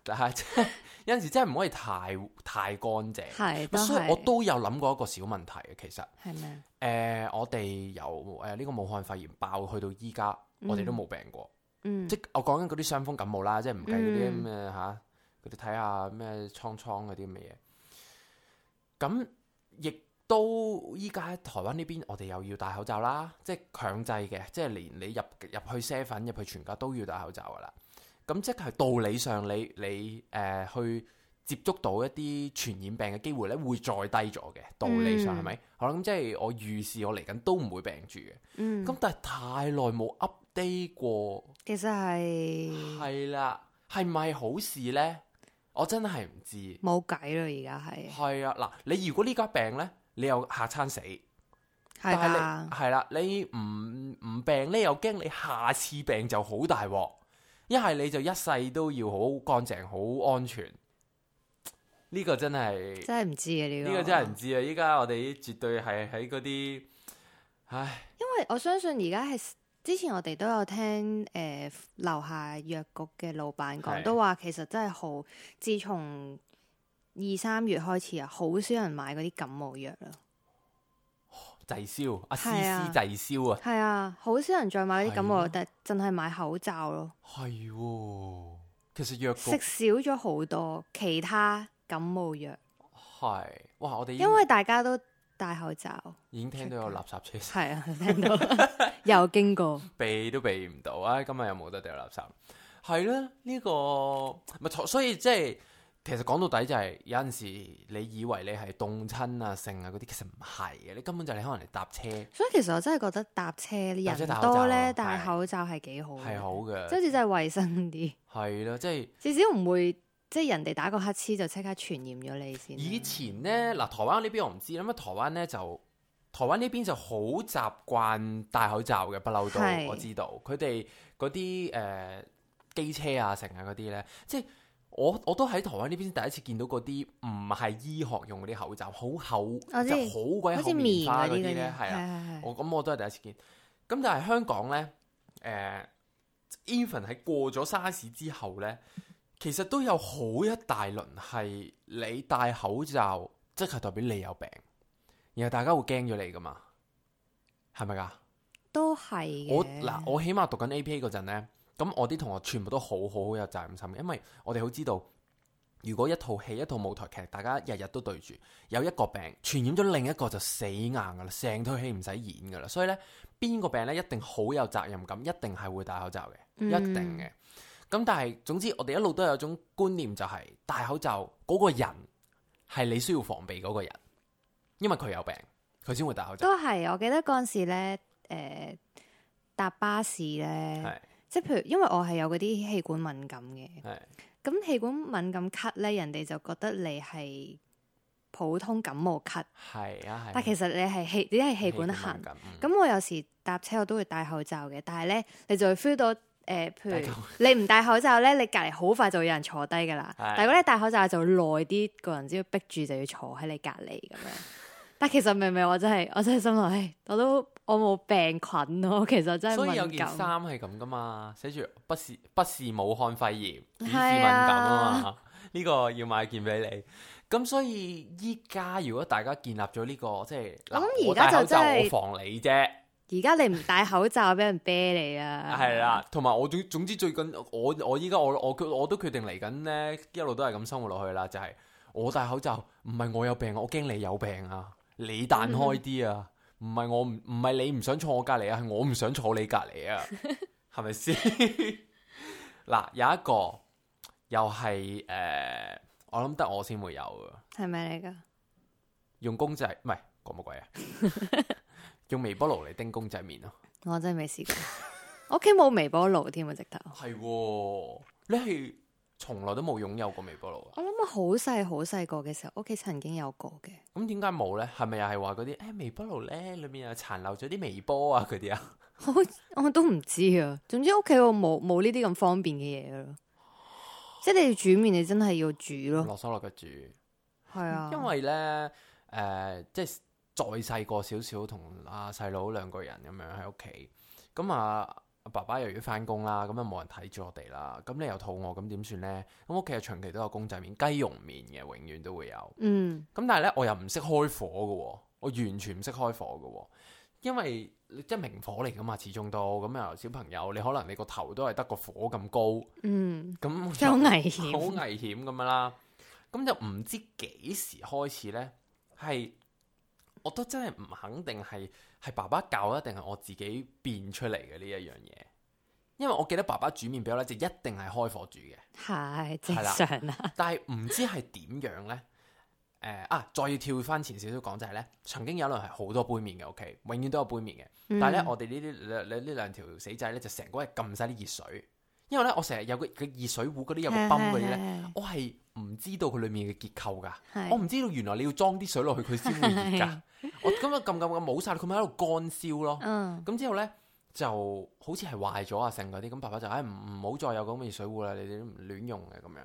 Speaker 1: 吓， 有陣時真係唔可以太太乾淨。係、 嗯，所以我都有諗過一個小問題嘅，其實。係咩嗎？誒、呃，我哋有誒呢、呃這個武漢肺炎爆去到依家，我哋都冇病過。嗯嗯、即係我講緊嗰啲傷風感冒啦，即係唔計嗰啲咩吓，你睇、嗯啊、下咩瘡瘡嗰啲咁嘅嘢。咁亦。都依家喺台灣呢邊，我哋又要戴口罩啦，即係強制嘅，即係連你入入去啡粉入去全家都要戴口罩㗎喇。咁即係道理上你，你你誒、呃、去接觸到一啲傳染病嘅機會咧，會再低咗嘅。道理上係咪？可能、嗯、即係我預示我嚟緊都唔會病住嘅。嗯，咁但係太耐冇 update 過，其實係係啦，係咪好事呢？我真係唔知，
Speaker 2: 冇計啦。而家係
Speaker 1: 係啊嗱，你如果呢家病呢？你又吓餐死，
Speaker 2: 係啦的，
Speaker 1: 係啦，你唔唔病咧，你又驚你下次病就好大鑊，一係你就一世都要好乾淨、好安全。呢、呢個真係真係
Speaker 2: 唔知嘅呢、啊、呢個，呢個真係唔
Speaker 1: 知啊！依家我哋絕對係喺嗰啲，唉，
Speaker 2: 因為我相信而家係之前我哋都有聽誒樓、呃、下藥局嘅老闆講，的都話其實真係好，自從。二三月開始啊，好少人買嗰啲感冒藥啦，
Speaker 1: 滯銷、哦、啊，絲絲滯銷啊，係的 initiation
Speaker 2: 對啊，好少人再買啲感冒藥，但淨係買口罩咯。
Speaker 1: 係，其實藥食
Speaker 2: 少咗好多，其他感冒藥
Speaker 1: 係，哇、啊！我哋因為
Speaker 2: 大家都戴口罩，
Speaker 1: 已經聽到有垃圾車，係 啊，聽到
Speaker 2: 又經過
Speaker 1: 避都避唔到啊！今日又冇得掉垃圾，係啦，呢個咪所以即係。其實講到底就係、是、有陣時你以為你係凍親啊、剩啊嗰啲，其實唔係嘅，你根本就係可能嚟搭車。
Speaker 2: 所以其實我真係覺得搭車，搭車人多咧，戴口罩係幾好嘅，
Speaker 1: 係好嘅，至少真係
Speaker 2: 衛生啲。
Speaker 1: 係咯，
Speaker 2: 即係至少唔會即係人哋打個乞嗤就即刻傳染咗你先。以前咧
Speaker 1: 嗱，台灣呢邊我唔知，咁啊台灣咧就台灣呢邊就好習慣戴口罩嘅，不嬲都我知道，佢哋嗰啲誒機車啊、剩啊嗰啲咧，即係。即我我都喺台灣呢邊第一次見到嗰啲唔係醫學用嗰啲口罩，好厚，就好鬼厚，好似棉嗰啲咧，係啊。我咁我都係第一次見。咁但係香港咧，誒，even 喺過咗沙士之後咧，其實都有好一大輪係你戴口罩，即係代表你有病，然後大家會驚咗你噶嘛？係咪啊？
Speaker 2: 都係嘅。我嗱，我
Speaker 1: 起碼讀緊 APA 嗰陣咧。咁我啲同學全部都好好好有責任心嘅，因為我哋好知道，如果一套戲一套舞台劇，大家日日都對住，有一個病傳染咗另一個就死硬噶啦，成套戲唔使演噶啦。所以咧，邊個病咧一定好有責任感，一定係會戴口罩嘅，嗯、一定嘅。咁但係總之，我哋一路都有種觀念、就係，就係戴口罩嗰、嗰個人係你需要防備嗰個人，因為佢有病，佢先會戴口罩。都
Speaker 2: 係，我記得嗰陣時咧，誒、呃、搭巴士咧。即係譬如，因為我係有嗰啲氣管敏感嘅，咁氣的管敏感咳咧，人哋就覺得你係普通感冒咳，係啊係。但其實你係氣，你係氣管痕。咁、嗯、我有時搭車我都會戴口罩嘅，但係咧，你就會 feel 到誒，譬、呃、如你唔戴口罩咧， 你隔籬好快就會有人坐低噶啦。的但如果你戴口罩就耐啲，個人只要逼住就要坐喺你隔籬咁樣。啊、其實明明我真係，我真係心諗、哎，我都我冇病菌咯。其實真係所以有件衫
Speaker 1: 係咁噶嘛，寫住不是不是武漢肺炎，只是敏感啊嘛。呢、啊、個要買件俾你。咁所以依家如果大家建立咗呢、呢個即係，而家就口罩防你啫。
Speaker 2: 而家你唔戴口罩俾人啤你啊。係
Speaker 1: 啦，同埋我總總之最近我我依家我我我都決定嚟緊咧，一路都係咁生活落去啦。就係我戴口罩，唔係我有病，我驚你有病啊！你彈開啲啊！唔係我唔唔係你唔想坐我隔籬啊，係我唔想坐你隔籬啊，係咪先？嗱，有一個又係誒，uh, 我諗得我先會有噶，
Speaker 2: 係咪嚟噶？
Speaker 1: 用公仔唔係講乜鬼啊？嗯、用微波爐嚟叮公仔麵咯，
Speaker 2: 我真係未試過，我屋企冇微波爐添啊，直頭
Speaker 1: 係你係。從來都冇擁有過微波爐啊！我
Speaker 2: 諗我好細好細個嘅時候，屋企曾經有過嘅。
Speaker 1: 咁點解冇咧？係咪又係話嗰啲誒微波爐咧裏面又殘留咗啲微波啊？嗰啲啊？
Speaker 2: 我我都唔知啊。總之屋企我冇冇呢啲咁方便嘅嘢咯。哦、即係你煮麵，你真係要煮咯，落手落腳煮。係啊，因
Speaker 1: 為咧誒、呃，即係再細個少少，同阿細佬兩個人咁樣喺屋企咁啊。爸爸又要翻工啦，咁就冇人睇住我哋啦。咁你又肚餓，咁點算呢？咁屋企又長期都有公仔麵、雞蓉麵嘅，永遠都會有。嗯。咁但係呢，我又唔識開火嘅，我完全唔識開火嘅，因為即係明火嚟噶嘛，始終都咁又小朋友，你可能你個頭都係得個火咁高。嗯。咁好危險。好危險咁樣啦。咁就唔知幾時開始呢？係我都真係唔肯定係。係爸爸教一定係我自己變出嚟嘅呢一樣嘢？因為我記得爸爸煮麵俾我咧，就一定係開火煮嘅，
Speaker 2: 係正常。但係唔知
Speaker 1: 係點樣呢？誒、呃、啊！再跳翻前少少講就係、是、呢：曾經有一輪係好多杯麵嘅，OK，永遠都有杯麵嘅。嗯、但係呢，我哋呢啲呢呢兩條死仔呢，就成個係撳晒啲熱水。因為咧，我成日有個個熱水壺嗰啲有個泵嗰啲咧，是是是是，我係唔知道佢裏面嘅結構噶是是我唔知道原來你要裝啲水落去佢先會熱噶。是是我今日撳撳個冇晒，佢咪喺度乾燒咯。咁、嗯、之後咧，就好似係壞咗啊剩嗰啲。咁爸爸就唉唔唔好再有咁嘅熱水壺啦，你哋都唔亂用嘅咁樣。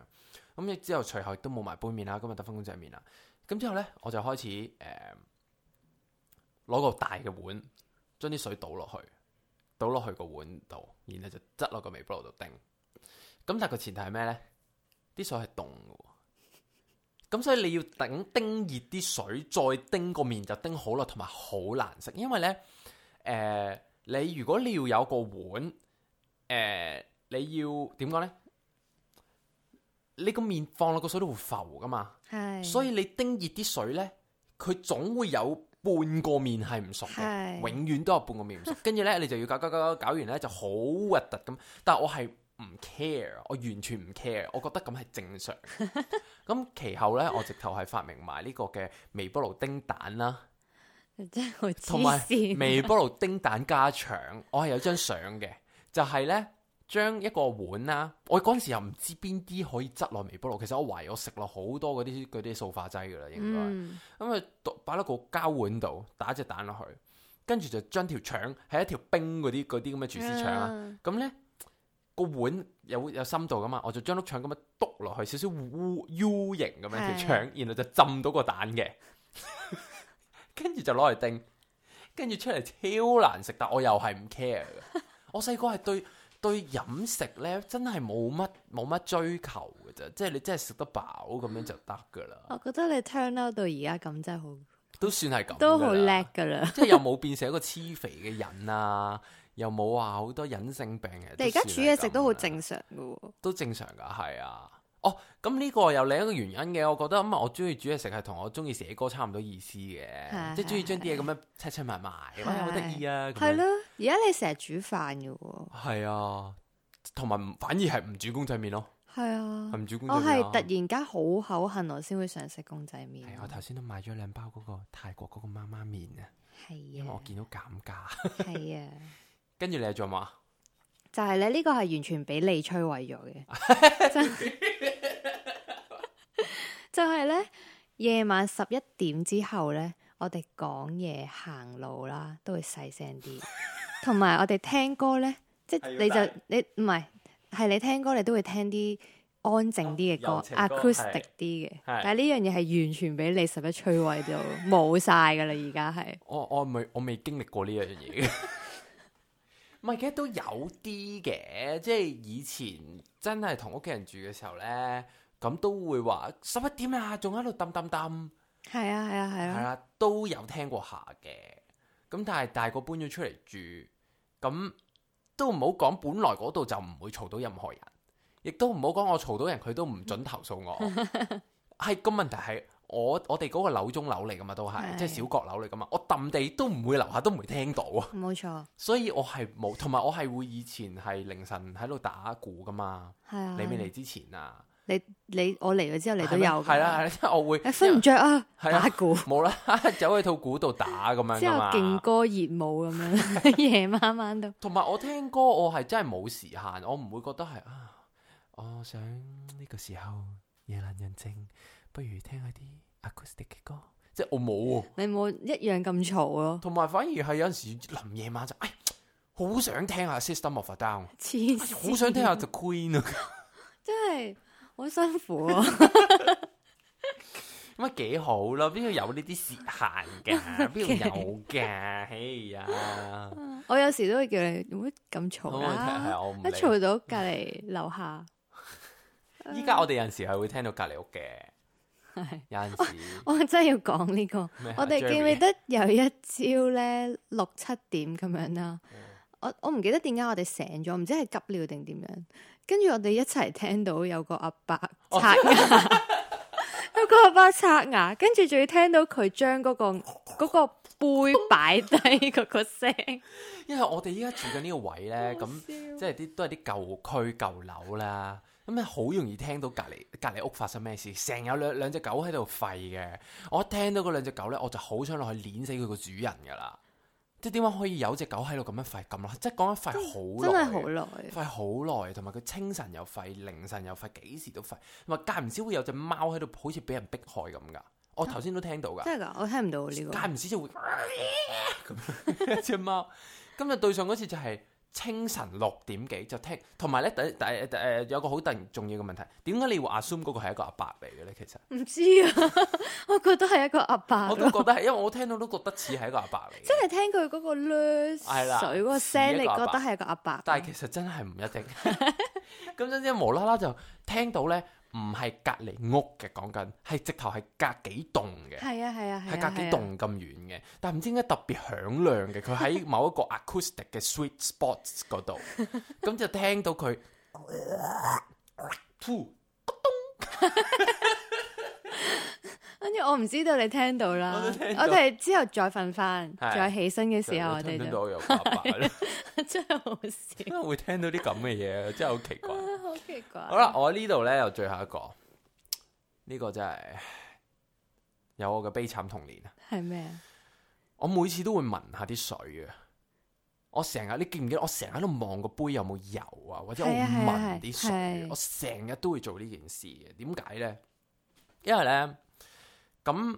Speaker 1: 咁亦之後隨後都冇埋杯麵啦，今日得翻公仔麵啦。咁之後咧，我就開始誒、攞、呃、個大嘅碗，將啲水倒落去。倒落去個碗度，然後就執落個微波爐度叮。咁但係個前提係咩呢？啲水係凍嘅，咁所以你要等叮熱啲水，再叮個麵就叮好啦，同埋好難食。因為呢，誒、呃，你如果你要有個碗，誒、呃，你要點講呢？你個麵放落個水都會浮噶嘛，係。所以你叮熱啲水呢，佢總會有。半個面係唔熟嘅，的永遠都有半個面唔熟。跟住呢，你就要搞搞，搞搞搞搞，搞完呢就好核突咁。但係我係唔 care，我完全唔 care，我覺得咁係正常。咁 其後呢，我直頭係發明埋呢個嘅微波爐叮蛋啦，
Speaker 2: 即係同埋微波爐
Speaker 1: 叮蛋加腸。我係有張相嘅，就係、是、呢。將一個碗啦、啊，我嗰陣時又唔知邊啲可以執落微波爐。其實我懷疑我食落好多嗰啲嗰啲塑化劑噶啦，應該咁、mm. 嗯嗯、啊，倒擺落個膠碗度打隻蛋落去，跟住就將條腸係一條冰嗰啲啲咁嘅廚師腸啦。咁、嗯、咧個碗有有深度噶嘛，我就將碌腸咁樣篤落去少少烏 U 型咁樣條腸、mm.，然後就浸到個蛋嘅，跟 住就攞嚟叮，跟住出嚟超難食，但我又係唔 care 我細個係對。 對飲食咧，真係冇乜冇乜追求噶啫，即係你真係食得飽咁樣就得噶啦。
Speaker 2: 我覺得你 turn out 到而家咁真係好，
Speaker 1: 都算係咁，都好
Speaker 2: 叻噶啦，即係又
Speaker 1: 冇變成一個黐肥嘅人啊， 又冇話好多隱性病嘅、啊。你而家煮嘢食
Speaker 2: 都好正常噶、
Speaker 1: 哦，都正常噶，係啊。哦，咁呢個又另一個原因嘅。我覺得咁啊，我中意煮嘢食係同我中意寫歌差唔多意思嘅，即係中意將啲嘢咁樣砌砌埋埋，哇，好得意啊！係咯，
Speaker 2: 而家你成日煮飯噶喎，
Speaker 1: 係啊，同埋反而係唔煮公仔麵咯，係啊，唔煮公仔麵，我係突
Speaker 2: 然間好口痕，我先會想食公仔麵。我頭
Speaker 1: 先都買咗兩包嗰個泰國嗰個媽媽麵啊，係，啊，因為我見到減價，係啊，跟住你又做乜？
Speaker 2: 就係你呢個係完全俾你摧毀咗嘅。就係咧，夜晚十一點之後咧，我哋講嘢行路啦，都會細聲啲。同埋 我哋聽歌咧，即係你就的你唔係係你聽歌，你都會聽啲安靜啲嘅歌、哦、歌，acoustic 啲嘅。但係呢樣嘢係完全俾你拾壹摧毀就冇晒噶啦，而家係。
Speaker 1: 我我未我未經歷過呢樣嘢嘅，
Speaker 2: 唔係其實都有啲
Speaker 1: 嘅，即係以前真係同屋企人、家人、家人家住嘅時候咧。咁都會話十一點啊，仲喺度揼揼揼。係啊係啊係啊。係啦、啊啊啊啊，都有聽過下嘅。咁但係大個搬咗出嚟住，咁都唔好講。本來嗰度就唔會嘈到任何人，亦都唔好講我嘈到人，佢都唔准投訴我。係、 咁個問題係我我哋嗰個樓中樓嚟噶嘛，都係即係小閣樓嚟噶嘛。我揼地都唔會樓下都唔會聽到啊。冇錯。所以我係冇，同埋我係會以前係凌晨喺度打鼓噶嘛。係啊。你未嚟之前啊。
Speaker 2: 你你我嚟咗之後嚟到，有係啦
Speaker 1: 係啦，即係我會瞓唔着啊，打鼓，冇啦，走去套鼓度打咁樣，即係勁
Speaker 2: 歌熱舞咁樣，夜晚晚都。
Speaker 1: 同埋我聽歌，我係真係冇時限，我唔會覺得係啊，我想呢個時候夜闌人靜，不如聽下啲 acoustic 嘅歌，即係我冇喎。你冇一樣咁嘈咯。同埋反而係有陣時臨夜晚就，哎，好想聽下 System of a Down，
Speaker 2: 好想聽下 The
Speaker 1: Queen 啊，
Speaker 2: 真係。 好辛苦，咁
Speaker 1: 咪幾好咯？邊度有呢啲時限噶？邊度有噶？哎、hey、呀，
Speaker 2: 我有時都會叫你，唔好咁嘈唔一嘈到隔籬樓下，
Speaker 1: 依家 我哋有陣時係會聽到隔籬屋嘅，係 有陣時
Speaker 2: 我，我真係要講呢、這個。啊、我哋記唔記得有一朝咧六七點咁樣啦？ 我我唔記得點解我哋醒咗，唔知係急尿定點樣，跟住我哋一齊聽到有個阿伯刷牙， 有個阿伯刷牙，跟住仲要聽到佢將嗰個嗰個杯擺低嗰個聲。因為我哋
Speaker 1: 依家住緊呢個位咧，咁即係啲都係啲舊區舊樓啦，咁咧好容易聽到隔籬隔籬屋發生咩事，成日有兩兩隻狗喺度吠嘅。我一聽到嗰兩隻狗咧，我就好想落去碾死佢個主人噶啦。即係點解可以有隻狗喺度咁樣吠咁耐？即係講緊吠好、欸，真係好耐，吠好耐。同埋佢清晨又吠，凌晨又吠，幾時都吠。同埋間唔時會有隻貓喺度，好似俾人逼害咁噶。我頭先都聽到噶、啊，真係噶，
Speaker 2: 我聽唔到呢、這個。間唔時就會，
Speaker 1: 啊呃、樣 一隻貓貓。 今日對上嗰次就係、是。清晨六點幾就聽，同埋咧第第誒有個好突然重要嘅問題，點解你會 assume 嗰個係一個阿伯嚟嘅咧？其實
Speaker 2: 唔知啊，我覺得係一個阿伯，我都覺得
Speaker 1: 係，因為我聽到都覺得似係一個阿伯嚟嘅。
Speaker 2: 真係聽佢嗰個 lose 水嗰個聲，你覺得係
Speaker 1: 一個阿伯，但係其實真係唔一定，咁樣即係無啦啦就聽到咧。唔係隔離屋嘅，講緊係直頭係隔幾棟嘅，係啊係啊係、啊、係隔幾棟咁遠嘅，啊啊、但唔知點解特別響亮嘅，佢喺某一個 acoustic 嘅 sweet spots 嗰度，
Speaker 2: 咁 就聽到佢噗，咕咚。跟住我唔知道你聽到啦，我哋之後再瞓翻，的再起身嘅時候我哋就是的 真係好少，好笑，
Speaker 1: 會聽到啲咁嘅嘢，真係好奇怪、
Speaker 2: 啊，好奇怪。好啦，
Speaker 1: 我呢度咧有最後一個，呢、這個真係有我嘅悲慘童年啊！係咩啊？我每次都會聞下啲水啊，我成日你記唔記得？我成日都望個杯有冇油啊，或者我聞啲水，我成日都會做呢件事嘅。點解咧？因為咧。咁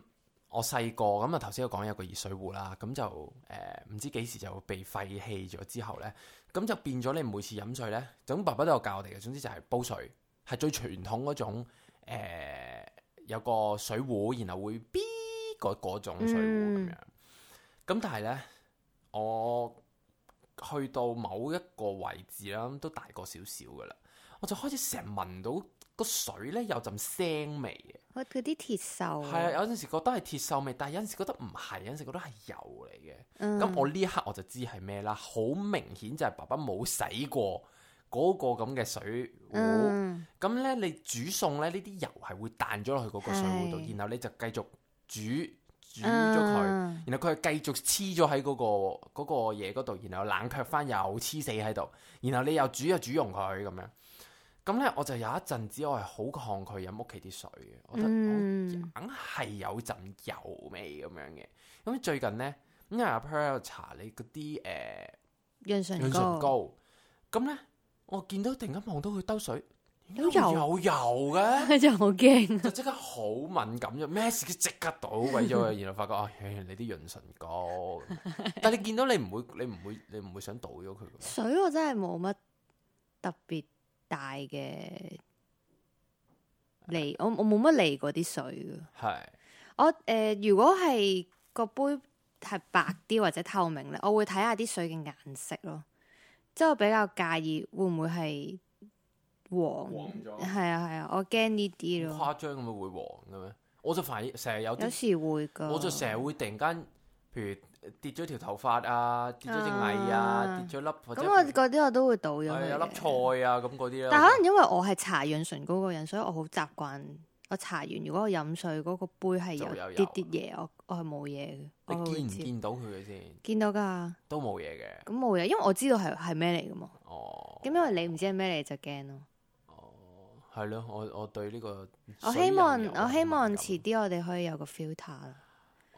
Speaker 1: 我細個咁啊，頭先我講有個熱水壺啦，咁就誒唔、呃、知幾時就被廢棄咗之後呢，咁就變咗你每次飲水呢，咁爸爸都有教我哋嘅，總之就係煲水，係最傳統嗰種誒、呃，有個水壺，然後會嗶個嗰種水壺咁樣。咁但係呢，我去到某一個位置啦，都大過少少噶啦，我就開始成日聞到，個水咧，有陣腥味
Speaker 2: 嘅，佢啲鐵銹。係啊，有
Speaker 1: 陣時覺得係鐵銹味，但係有陣時覺得唔係，有陣時覺得係油嚟嘅。咁、嗯、我呢刻我就知係咩啦，好明顯就係爸爸冇洗過嗰個咁嘅水壺。咁咧、嗯哦，你煮餸咧，呢啲油係會彈咗落去嗰個水壺度，嗯、然後你就繼續煮煮咗佢，嗯、然後佢係繼續黐咗喺嗰個、嗰個嘢嗰度，然後冷卻翻又黐死喺度，然後你又煮，煮，煮你又煮溶佢咁樣。咁咧，嗯、我就有一陣子我係好抗拒飲屋企啲水嘅，嗯、我覺得硬係有陣油味咁樣嘅。咁最近咧，咁阿 Per 搽你嗰啲誒潤唇潤唇膏，咁咧我見到突然間望到佢兜水，都有油嘅，
Speaker 2: 真係好驚！就即刻
Speaker 1: 好敏感，咩事佢即刻倒毀咗佢，然後發覺、 啊、你啲潤唇膏， 但係你見到你唔會，你唔會，你唔會，會想倒咗佢 水，
Speaker 2: 我真係冇乜特別。大嘅嚟，我我冇乜嚟過啲水嘅。係是我誒、呃，如果係個杯係白啲或者透明咧，我會睇下啲水嘅顏色咯。即係我比較介意會唔會係黃。係了啊，係啊，我驚呢啲咯。
Speaker 1: 誇張咁會黃嘅咩？我就反而成日有，有時
Speaker 2: 會噶。我就
Speaker 1: 成日會突然間，譬如。跌咗條頭髮啊，跌咗隻蟻啊，跌咗粒或者咁我嗰啲
Speaker 2: 我都會倒嘅。係有粒
Speaker 1: 菜啊，咁啲啦。但可能因為
Speaker 2: 我係搽潤唇膏嘅人，所以我好習慣，我搽完如果我飲水嗰個杯係有啲啲嘢，我我係冇嘢嘅。你見唔見
Speaker 1: 到佢嘅先？見到噶，都冇嘢嘅。咁
Speaker 2: 冇嘢，因為我知道係係咩嚟噶嘛。哦。咁因為你唔知係咩嚟就驚咯。哦，
Speaker 1: 係咯，我我對呢個，我希望
Speaker 2: 我希望遲啲我哋可以有個 filter 啦。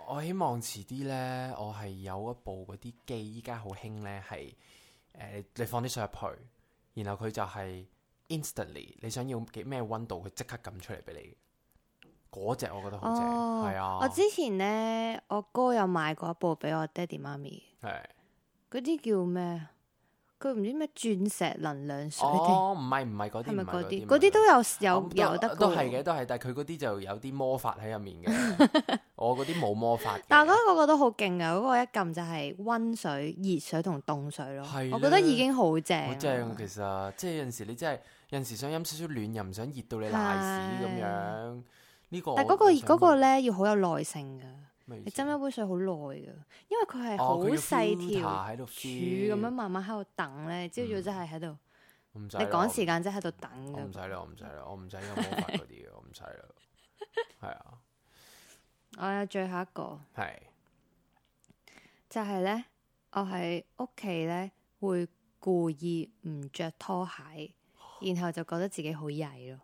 Speaker 1: 我希望遲啲咧，我係有一部嗰啲機，依家好興咧，係誒，你放啲水入去，然後佢就係 instantly，你想要幾咩溫度，佢即刻撳出嚟俾你。嗰隻我覺得好正，係啊！我之
Speaker 2: 前咧，我哥有買過一部俾我爹哋媽咪，係嗰啲叫咩？佢唔知咩鑽石能量水。哦，唔
Speaker 1: 係唔係嗰啲，係咪嗰啲？嗰啲
Speaker 2: 都有有有得，都係嘅，都
Speaker 1: 係。但係佢嗰啲就有啲魔法喺入面嘅。我嗰啲冇魔法，
Speaker 2: 但係嗰個個都好勁噶，嗰個一撳就係溫水、熱水同凍水咯。係，我覺得已經好正。好正，
Speaker 1: 其實即係有陣時你真係有陣時想飲少少暖，又唔想熱到你瀨屎咁樣。呢個但係嗰個嗰個
Speaker 2: 咧要好有耐性噶，你斟一杯水好耐噶，因為佢係好細條煮咁樣慢慢喺度等咧，朝早真係喺度。唔使你趕時間真係喺度等。我唔使
Speaker 1: 啦，我唔使啦，我唔使用魔法啲我唔使啦。係啊。
Speaker 2: 我有最後一個，係是就係咧，我喺屋企咧會故意唔着拖鞋，然後就覺得自己好曳咯。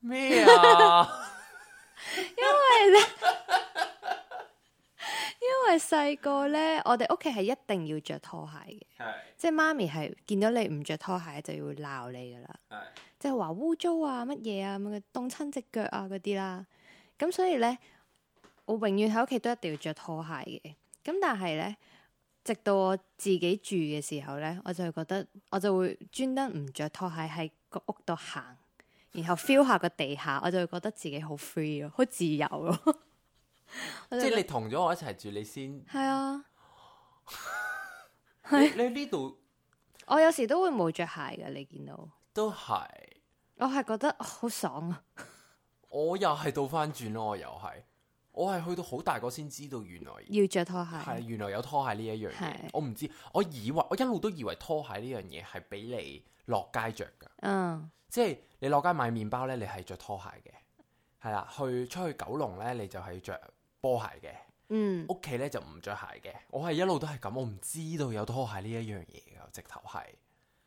Speaker 2: 咩啊？ 因為咧， 因為細個咧，我哋屋企係一定要着拖鞋嘅，是即係媽咪係見到你唔着拖鞋就要鬧你噶是、啊啊啊、啦，即係話污糟啊，乜嘢啊，咁嘅凍親隻腳啊嗰啲啦，咁所以咧。我永遠喺屋企都一定要着拖鞋嘅，咁但係呢，直到我自己住嘅時候呢，我就會覺得我就會專登唔着拖鞋喺個屋度行，然後 feel 下個地下，我就，會很 free，很 我就覺得自己好 free 咯，好自由
Speaker 1: 咯。即係你同咗我一齊住，你先
Speaker 2: 係啊， 你呢
Speaker 1: 度，
Speaker 2: 是我有時都會冇着鞋嘅，你見到
Speaker 1: 都係是，
Speaker 2: 我係覺得好爽啊！
Speaker 1: 我又係倒翻轉咯，我又係。我係去到好大個先知道原來要着拖鞋係，原來有拖鞋呢一樣嘢，係我唔知，我以為我一路都以為拖鞋呢樣嘢係俾你落街着噶，嗯，即係你落街買麵包呢，你係着拖鞋嘅。係啦，去出去九龍呢，你就係着波鞋嘅，嗯，屋企呢就唔着鞋嘅，我係一路都係咁，我唔知道有拖鞋呢一樣嘢噶，直頭係，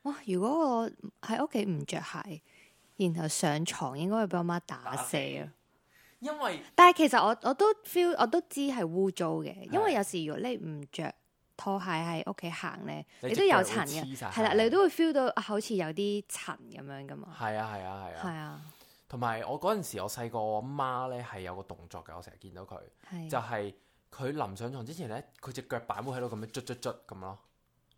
Speaker 2: 哇！如果我喺屋企唔着鞋，然後上床應該會俾我媽打死啊！因為，但係其實我我都 feel，我都知係污糟嘅。因為有時如果你唔着拖鞋喺屋企行咧，你都有塵嘅，係啦，你都會 feel 到好似有啲塵咁樣噶嘛。
Speaker 1: 係啊係啊係啊。係啊，同埋我嗰陣時，我細個，我媽咧係有個動作嘅，我成日見到佢，就係佢臨上床之前咧，佢隻腳板會喺度咁樣捽捽捽咁咯，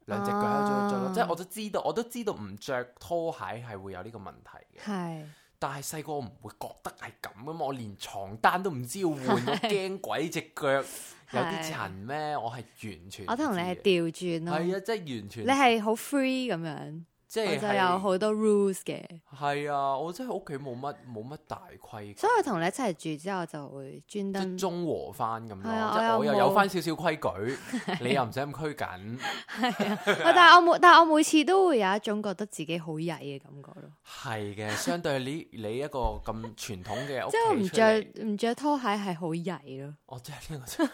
Speaker 1: 兩隻腳喺度捽捽捽，即係我都知道，我都知道唔着拖鞋係會有呢個問題嘅。係。但係細個唔會覺得係咁噶嘛？我連床單都唔知要換到，驚鬼隻腳 有啲塵咩？我係完全，我同你係
Speaker 2: 調轉咯，係啊，即係完全，你係好 free 咁樣。我就有好多 rules 嘅，
Speaker 1: 係啊，我真係屋企冇乜冇乜大規矩，所以
Speaker 2: 我同你一齊住之後就會專登中和翻咁樣，即係我又有翻
Speaker 1: 少少規矩，你又唔使咁拘謹。係啊，但係我
Speaker 2: 每但係我每次都會有一種覺得自己好曳嘅感覺咯。
Speaker 1: 係嘅，相對你，你一個咁傳統嘅，即係唔着
Speaker 2: 唔着拖鞋係好曳咯。哦，即係呢個，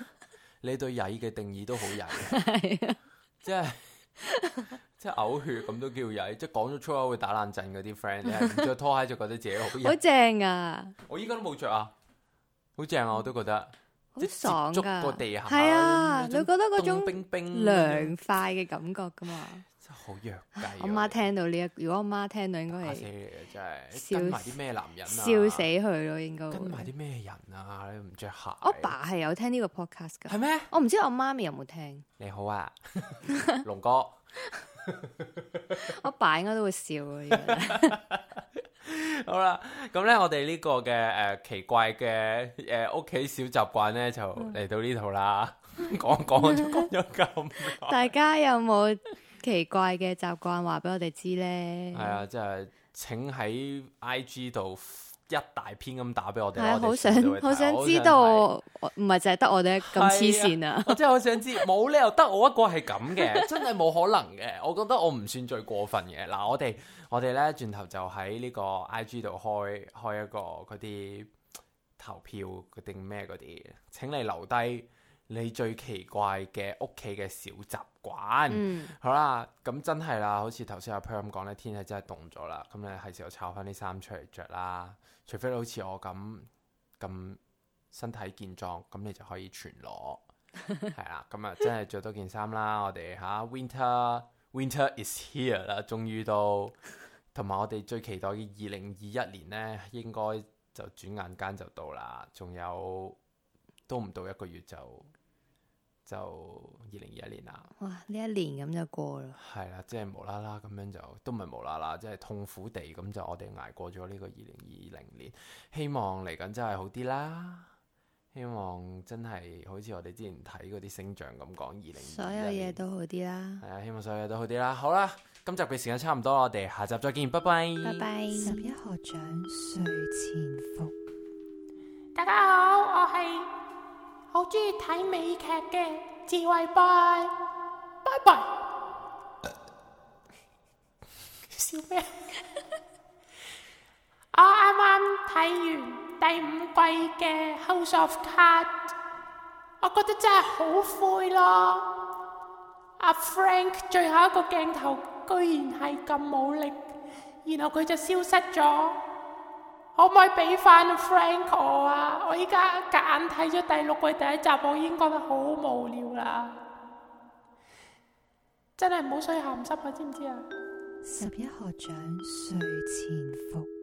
Speaker 1: 你對曳嘅定義都好曳，係啊，即係。即係嘔血咁都叫曳，即係講咗粗口會打冷震嗰啲 friend，唔着拖鞋就覺得自己好。好
Speaker 2: 正啊！
Speaker 1: 我依家都冇着啊，好正啊！我都覺得
Speaker 2: 好爽噶，個地
Speaker 1: 下係啊，你覺得嗰種冰冰涼
Speaker 2: 快嘅感覺噶嘛？
Speaker 1: 真係好弱雞！
Speaker 2: 我媽聽到呢一，如果我媽聽到應該係嚇死你，真係跟埋啲咩男人啊？笑死佢咯，應該跟埋
Speaker 1: 啲咩人啊？你唔着鞋，我爸
Speaker 2: 係有聽呢個 podcast 噶，係咩？我唔知我媽咪有冇聽。
Speaker 1: 你好啊，龍哥。
Speaker 2: 我爸應該都會笑嘅。好啦，咁
Speaker 1: 咧我哋呢個嘅誒、呃、奇怪嘅誒屋企小習慣咧，就嚟到呢度啦，講講講咗咁，
Speaker 2: 大家有冇奇怪嘅習慣話俾我哋知咧？係啊 、
Speaker 1: 哎，即係請喺 I G 度，一大篇咁打俾我哋，我好想好想知道，
Speaker 2: 唔係淨係得我哋咁黐線啊！
Speaker 1: 即係好想知，冇理由得我一個係咁嘅， 真
Speaker 2: 係冇可能
Speaker 1: 嘅。我覺得我唔算最過分嘅。嗱，我哋我哋咧轉頭就喺呢個 IG 度開開一個嗰啲投票，定咩嗰啲，請你留低你最奇怪嘅屋企嘅小習慣。嗯、好啦，咁真係啦，好似頭先阿 Per 咁講咧，天氣真係凍咗啦，咁你係時候炒翻啲衫出嚟着啦。除非你好似我咁咁身體健壯，咁你就可以全裸。係啦。 咁啊，真係着多件衫啦。我哋吓 Winter，Winter is here 啦，終於到。同埋 我哋最期待嘅二零二一年呢，應該就轉眼間就到啦。仲有都唔到一個月就。就二零二一年啦，
Speaker 2: 哇！呢一年咁就過啦，
Speaker 1: 係啦、就是，即係無啦啦咁樣就，都唔係無啦啦，即係痛苦地咁就我哋挨過咗呢個二零二零年，希望嚟緊真係好啲啦，希望真係好似我哋之前睇嗰啲星象咁講二零二零年所
Speaker 2: 有嘢,都好啲啦，
Speaker 1: 係啊，希望所有嘢都好啲啦，好啦，今集嘅時間差唔多，我哋下集再見，拜拜 Bye bye!，拜拜，
Speaker 2: 十一學長睡前福，大
Speaker 1: 家好，我係。我中意睇美劇嘅智慧幣，拜拜。笑咩？我啱啱睇完第五季嘅 House of Cards，我覺得真係好灰咯。阿、啊、Frank 最後一個鏡頭居然係咁冇力，然後佢就消失咗。可唔可以俾翻 Frank 我啊？我依家夾硬睇咗第六季第一集，我已經覺得好無聊啦，真係唔好衰鹹濕啊！知
Speaker 2: 唔知啊？十一學長睡前服。